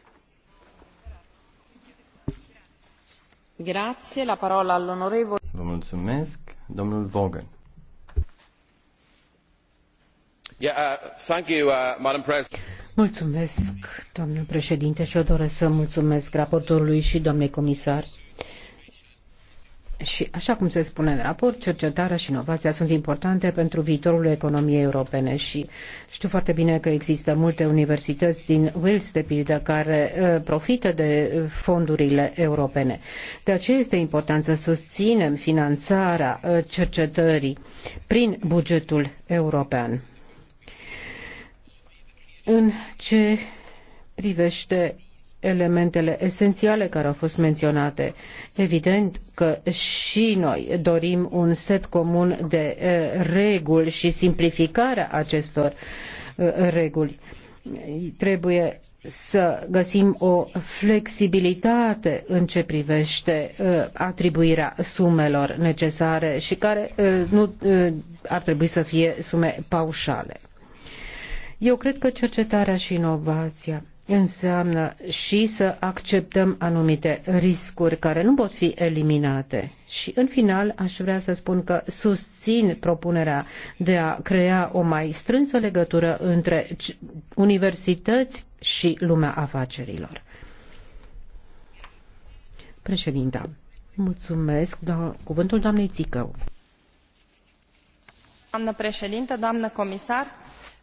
Grazie, la parola all'onorevole. Vă mulțumesc, domnul Vaughan. Yeah, uh, thank you, uh, Madam President. Mulțumesc, doamnă președinte, și eu doresc să mulțumesc raportorului și doamnei comisari și, așa cum se spune în raport, cercetarea și inovația sunt importante pentru viitorul economiei europene și știu foarte bine că există multe universități din Wales, de pildă, care uh, profită de fondurile europene. De aceea este important să susținem finanțarea uh, cercetării prin bugetul european. În ce privește elementele esențiale care au fost menționate. Evident că și noi dorim un set comun de eh, reguli și simplificarea acestor eh, reguli. Trebuie să găsim o flexibilitate în ce privește eh, atribuirea sumelor necesare și care nu ar trebui să fie sume paușale. Eu cred că cercetarea și inovația înseamnă și să acceptăm anumite riscuri care nu pot fi eliminate. Și în final aș vrea să spun că susțin propunerea de a crea o mai strânsă legătură între universități și lumea afacerilor. Președinta, mulțumesc. Da, cuvântul doamnei Țicău. Doamnă președinte, doamnă comisar,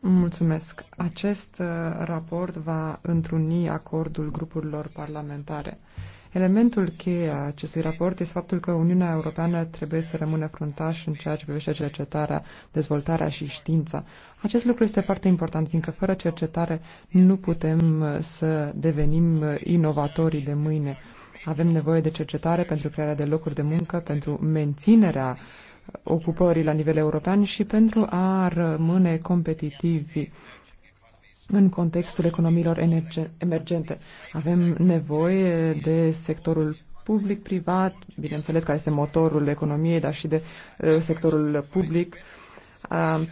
Mulțumesc. Acest uh, raport va întruni acordul grupurilor parlamentare. Elementul cheie a acestui raport este faptul că Uniunea Europeană trebuie să rămână fruntaș în ceea ce privește cercetarea, dezvoltarea și știința. Acest lucru este foarte important, fiindcă fără cercetare nu putem uh, să devenim uh, inovatorii de mâine. Avem nevoie de cercetare pentru crearea de locuri de muncă, pentru menținerea uh, ocupării la nivel european și pentru a rămâne competitivi în contextul economiilor emergente. Avem nevoie de sectorul public-privat, bineînțeles care este motorul economiei, dar și de uh, sectorul public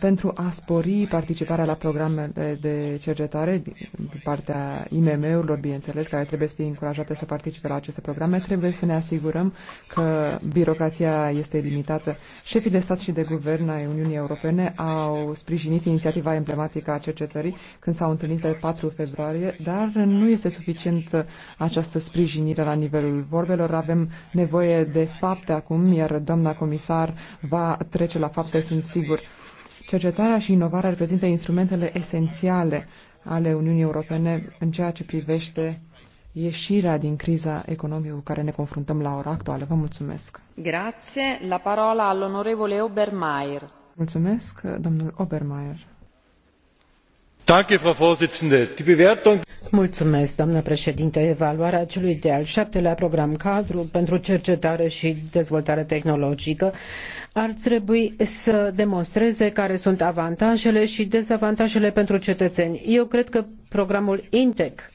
pentru a spori participarea la programele de cercetare din partea IMM-urilor, bineînțeles, care trebuie să fie încurajate să participe la aceste programe, trebuie să ne asigurăm că birocrația este limitată. Șefii de stat și de guvern ai Uniunii Europene au sprijinit inițiativa emblematică a cercetării când s-au întâlnit pe 4 februarie, dar nu este suficient această sprijinire la nivelul vorbelor. Avem nevoie de fapte acum, iar doamna comisar va trece la fapte, sunt sigur. Cercetarea și inovarea reprezintă instrumentele esențiale ale Uniunii Europene în ceea ce privește ieșirea din criza economică cu care ne confruntăm la ora actuală. Vă mulțumesc. Grație. La parola onorevole Obermeier. Mulțumesc, domnul Obermeier. Mulțumesc, președinte. Evaluarea celui de-al lea program cadru pentru cercetare și dezvoltare tehnologică ar trebui să demonstreze care sunt avantajele și dezavantajele pentru cetățeni. Eu cred că programul INTEC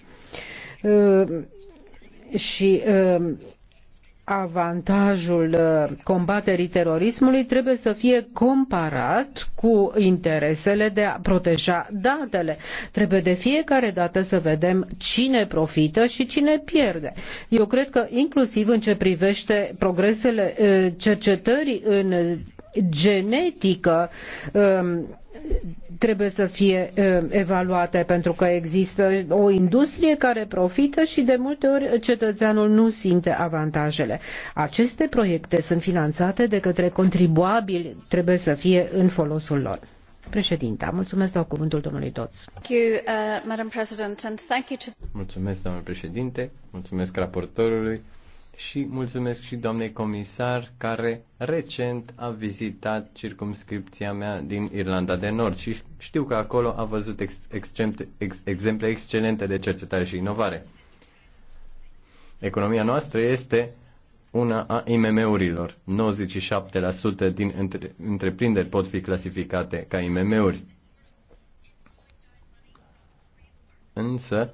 uh, și uh, avantajul uh, combaterii terorismului trebuie să fie comparat cu interesele de a proteja datele. Trebuie de fiecare dată să vedem cine profită și cine pierde. Eu cred că inclusiv în ce privește progresele uh, cercetării în uh, genetică, um, trebuie să fie evaluate pentru că există o industrie care profită și de multe ori cetățeanul nu simte avantajele. Aceste proiecte sunt finanțate de către contribuabili, trebuie să fie în folosul lor. Președinta, mulțumesc dau cuvântul domnului Toț. Uh, mulțumesc, doamnă președinte, mulțumesc raportorului și mulțumesc și doamnei comisar care recent a vizitat circumscripția mea din Irlanda de Nord și știu că acolo a văzut ex- except, ex- exemple excelente de cercetare și inovare. Economia noastră este una a IMM-urilor. 97% din între- întreprinderi pot fi clasificate ca IMM-uri. Însă,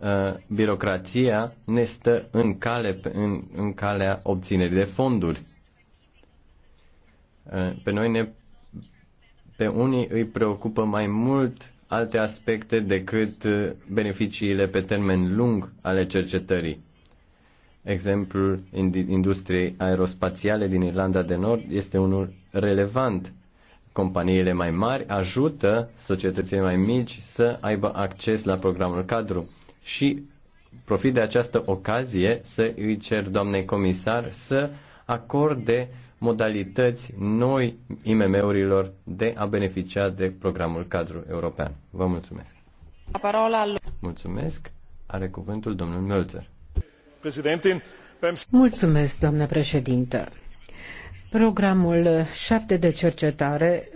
Uh, birocrația ne stă în, cale, în, în calea obținerii de fonduri. Uh, pe noi ne, pe unii îi preocupă mai mult alte aspecte decât uh, beneficiile pe termen lung ale cercetării. Exemplul industriei aerospațiale din Irlanda de Nord este unul relevant. Companiile mai mari ajută societățile mai mici să aibă acces la programul cadru și profit de această ocazie să îi cer doamnei comisar să acorde modalități noi IMM-urilor de a beneficia de programul cadru european. Vă mulțumesc. Parola Mulțumesc. Are cuvântul domnul Mölzer. Mulțumesc, doamnă președintă. Programul 7 de cercetare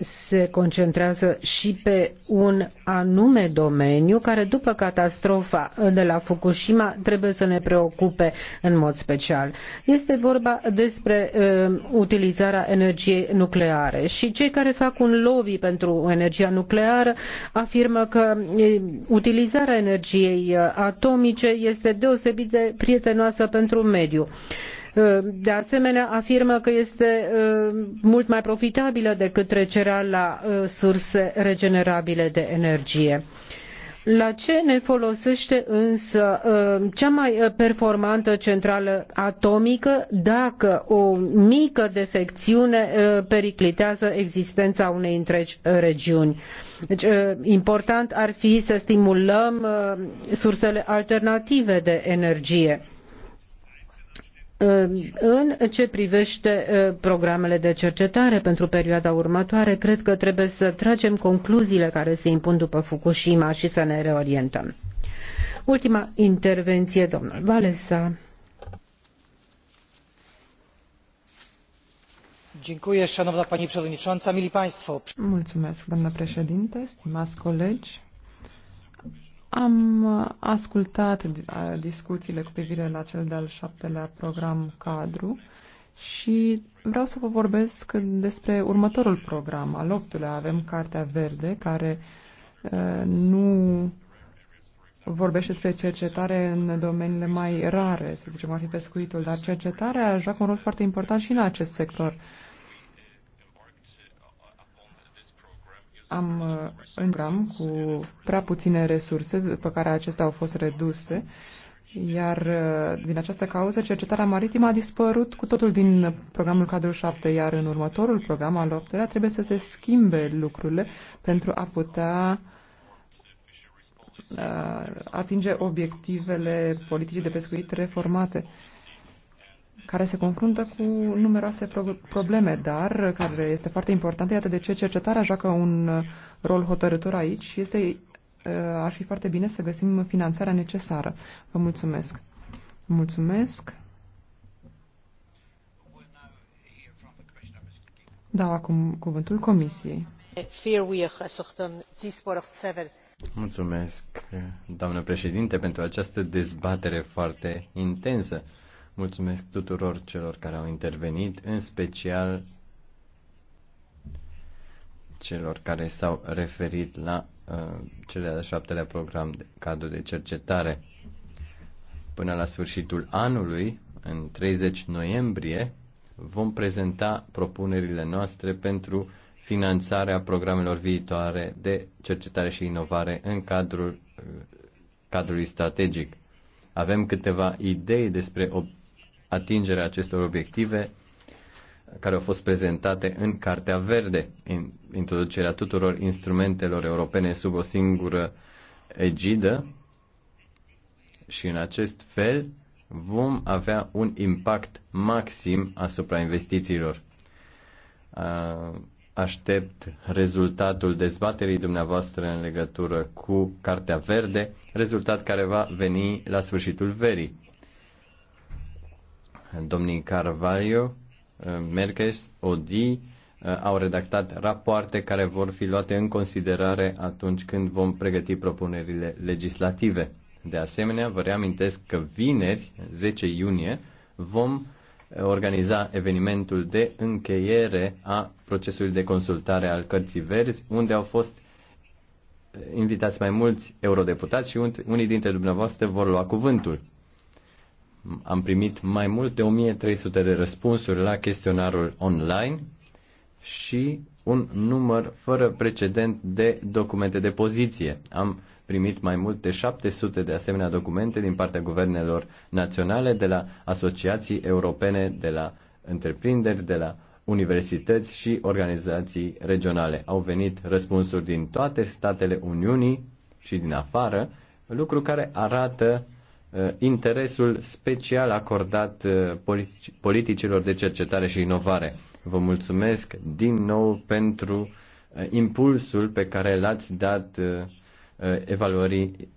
se concentrează și pe un anume domeniu care după catastrofa de la Fukushima trebuie să ne preocupe în mod special. Este vorba despre uh, utilizarea energiei nucleare și cei care fac un lobby pentru energia nucleară afirmă că uh, utilizarea energiei uh, atomice este deosebit de prietenoasă pentru mediu. Uh, de asemenea, afirmă că este uh, mult mai profitabilă decât trecerea la uh, surse regenerabile de energie. La ce ne folosește însă uh, cea mai performantă centrală atomică dacă o mică defecțiune periclitează existența unei întregi regiuni? Deci, important ar fi să stimulăm sursele alternative de energie în ce privește programele de cercetare pentru perioada următoare, cred că trebuie să tragem concluziile care se impun după Fukushima și să ne reorientăm. Ultima intervenție, domnul Valesa. Mulțumesc, doamnă președinte, stimați colegi. Am uh, ascultat uh, discuțiile cu privire la cel de-al șaptelea program cadru și vreau să vă vorbesc despre următorul program, al optulea. Avem Cartea Verde, care uh, nu vorbește despre cercetare în domeniile mai rare, să zicem, ar fi pescuitul, dar cercetarea joacă un rol foarte important și în acest sector. am uh, îngram cu prea puține resurse, după care acestea au fost reduse, iar uh, din această cauză cercetarea maritimă a dispărut cu totul din programul cadru 7, iar în următorul program al 8 trebuie să se schimbe lucrurile pentru a putea uh, atinge obiectivele politicii de pescuit reformate care se confruntă cu numeroase probleme, dar care este foarte importantă. Iată de ce cercetarea joacă un uh, rol hotărător aici. Este, uh, ar fi foarte bine să găsim finanțarea necesară. Vă mulțumesc. Mulțumesc. Dau acum cuvântul Comisiei. Mulțumesc, doamnă președinte, pentru această dezbatere foarte intensă. Mulțumesc tuturor celor care au intervenit, în special celor care s-au referit la uh, cel de-al șaptelea program de cadru de cercetare. Până la sfârșitul anului, în 30 noiembrie, vom prezenta propunerile noastre pentru finanțarea programelor viitoare de cercetare și inovare în cadrul uh, cadrului strategic. Avem câteva idei despre atingerea acestor obiective care au fost prezentate în Cartea Verde, în introducerea tuturor instrumentelor europene sub o singură egidă și în acest fel vom avea un impact maxim asupra investițiilor. Aștept rezultatul dezbaterii dumneavoastră în legătură cu Cartea Verde, rezultat care va veni la sfârșitul verii domnii Carvalho, uh, Merkes, Odi uh, au redactat rapoarte care vor fi luate în considerare atunci când vom pregăti propunerile legislative. De asemenea, vă reamintesc că vineri, 10 iunie, vom uh, organiza evenimentul de încheiere a procesului de consultare al cărții verzi, unde au fost invitați mai mulți eurodeputați și unii dintre dumneavoastră vor lua cuvântul. Am primit mai mult de 1300 de răspunsuri la chestionarul online și un număr fără precedent de documente de poziție. Am primit mai mult de 700 de asemenea documente din partea guvernelor naționale, de la asociații europene, de la întreprinderi, de la universități și organizații regionale. Au venit răspunsuri din toate statele Uniunii și din afară, lucru care arată Uh, interesul special acordat uh, politicilor de cercetare și inovare. Vă mulțumesc din nou pentru uh, impulsul pe care l-ați dat evaluării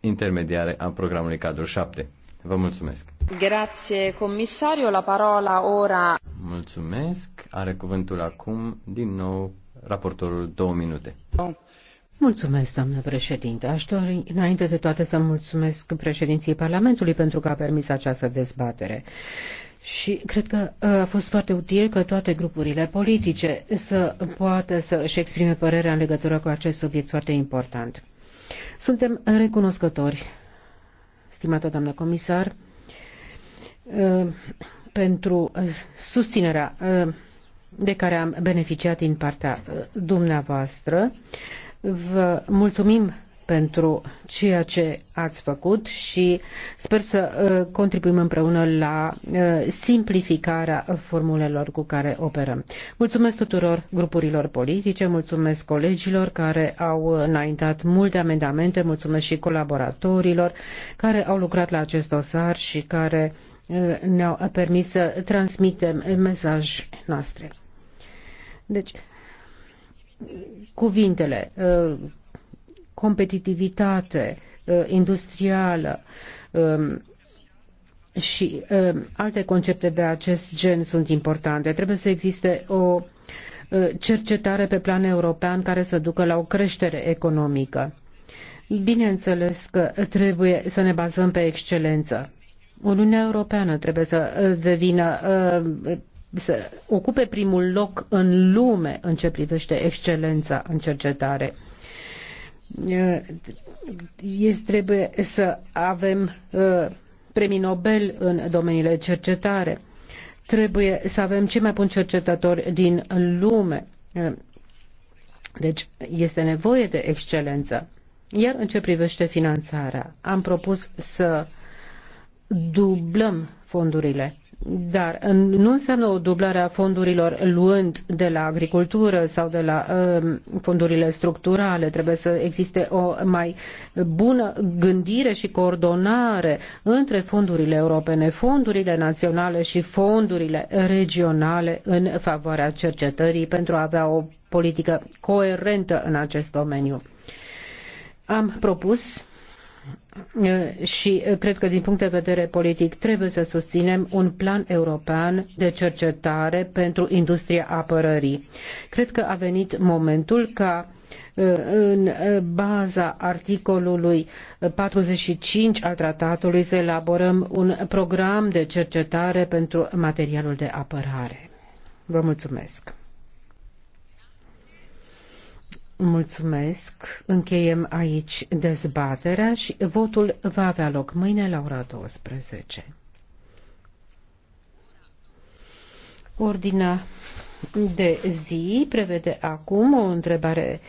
intermediare a programului cadru 7. Vă mulțumesc. Grazie, comisariu. La parola ora. Mulțumesc. Are cuvântul acum, din nou, raportorul două minute. Oh. Mulțumesc, doamnă președinte. Aș dori, înainte de toate, să mulțumesc președinției Parlamentului pentru că a permis această dezbatere. Și cred că uh, a fost foarte util că toate grupurile politice să poată să își exprime părerea în legătură cu acest subiect foarte important. Suntem recunoscători, stimată doamnă comisar, uh, pentru uh, susținerea de care am beneficiat din partea dumneavoastră Vă mulțumim pentru ceea ce ați făcut și sper să uh, contribuim împreună la uh, simplificarea formulelor cu care operăm. Mulțumesc tuturor grupurilor politice, mulțumesc colegilor care au înaintat multe amendamente, mulțumesc și colaboratorilor care au lucrat la acest dosar și care uh, ne-au permis să transmitem mesaje noastre. Deci, cuvintele uh, competitivitate uh, industrială um, și um, alte concepte de acest gen sunt importante. Trebuie să existe o uh, cercetare pe plan european care să ducă la o creștere economică. Bineînțeles că trebuie să ne bazăm pe excelență. Uniunea Europeană trebuie să devină să ocupe primul loc în lume în ce privește excelența în cercetare. este Trebuie să avem premii Nobel în domeniile cercetare. Trebuie să avem cei mai buni cercetători din lume. Deci este nevoie de excelență. Iar în ce privește finanțarea, am propus să dublăm fondurile dar nu înseamnă o dublare a fondurilor luând de la agricultură sau de la um, fondurile structurale. Trebuie să existe o mai bună gândire și coordonare între fondurile europene, fondurile naționale și fondurile regionale în favoarea cercetării pentru a avea o politică coerentă în acest domeniu. Am propus Eh, și eh, cred că din punct de vedere politic trebuie să susținem un plan european de cercetare pentru industria apărării. Cred că a venit momentul ca eh, în baza articolului 45 al tratatului să elaborăm un program de cercetare pentru materialul de apărare. Vă mulțumesc! Mulțumesc. Încheiem aici dezbaterea și votul va avea loc mâine la ora 12. Ordinea de zi prevede acum o întrebare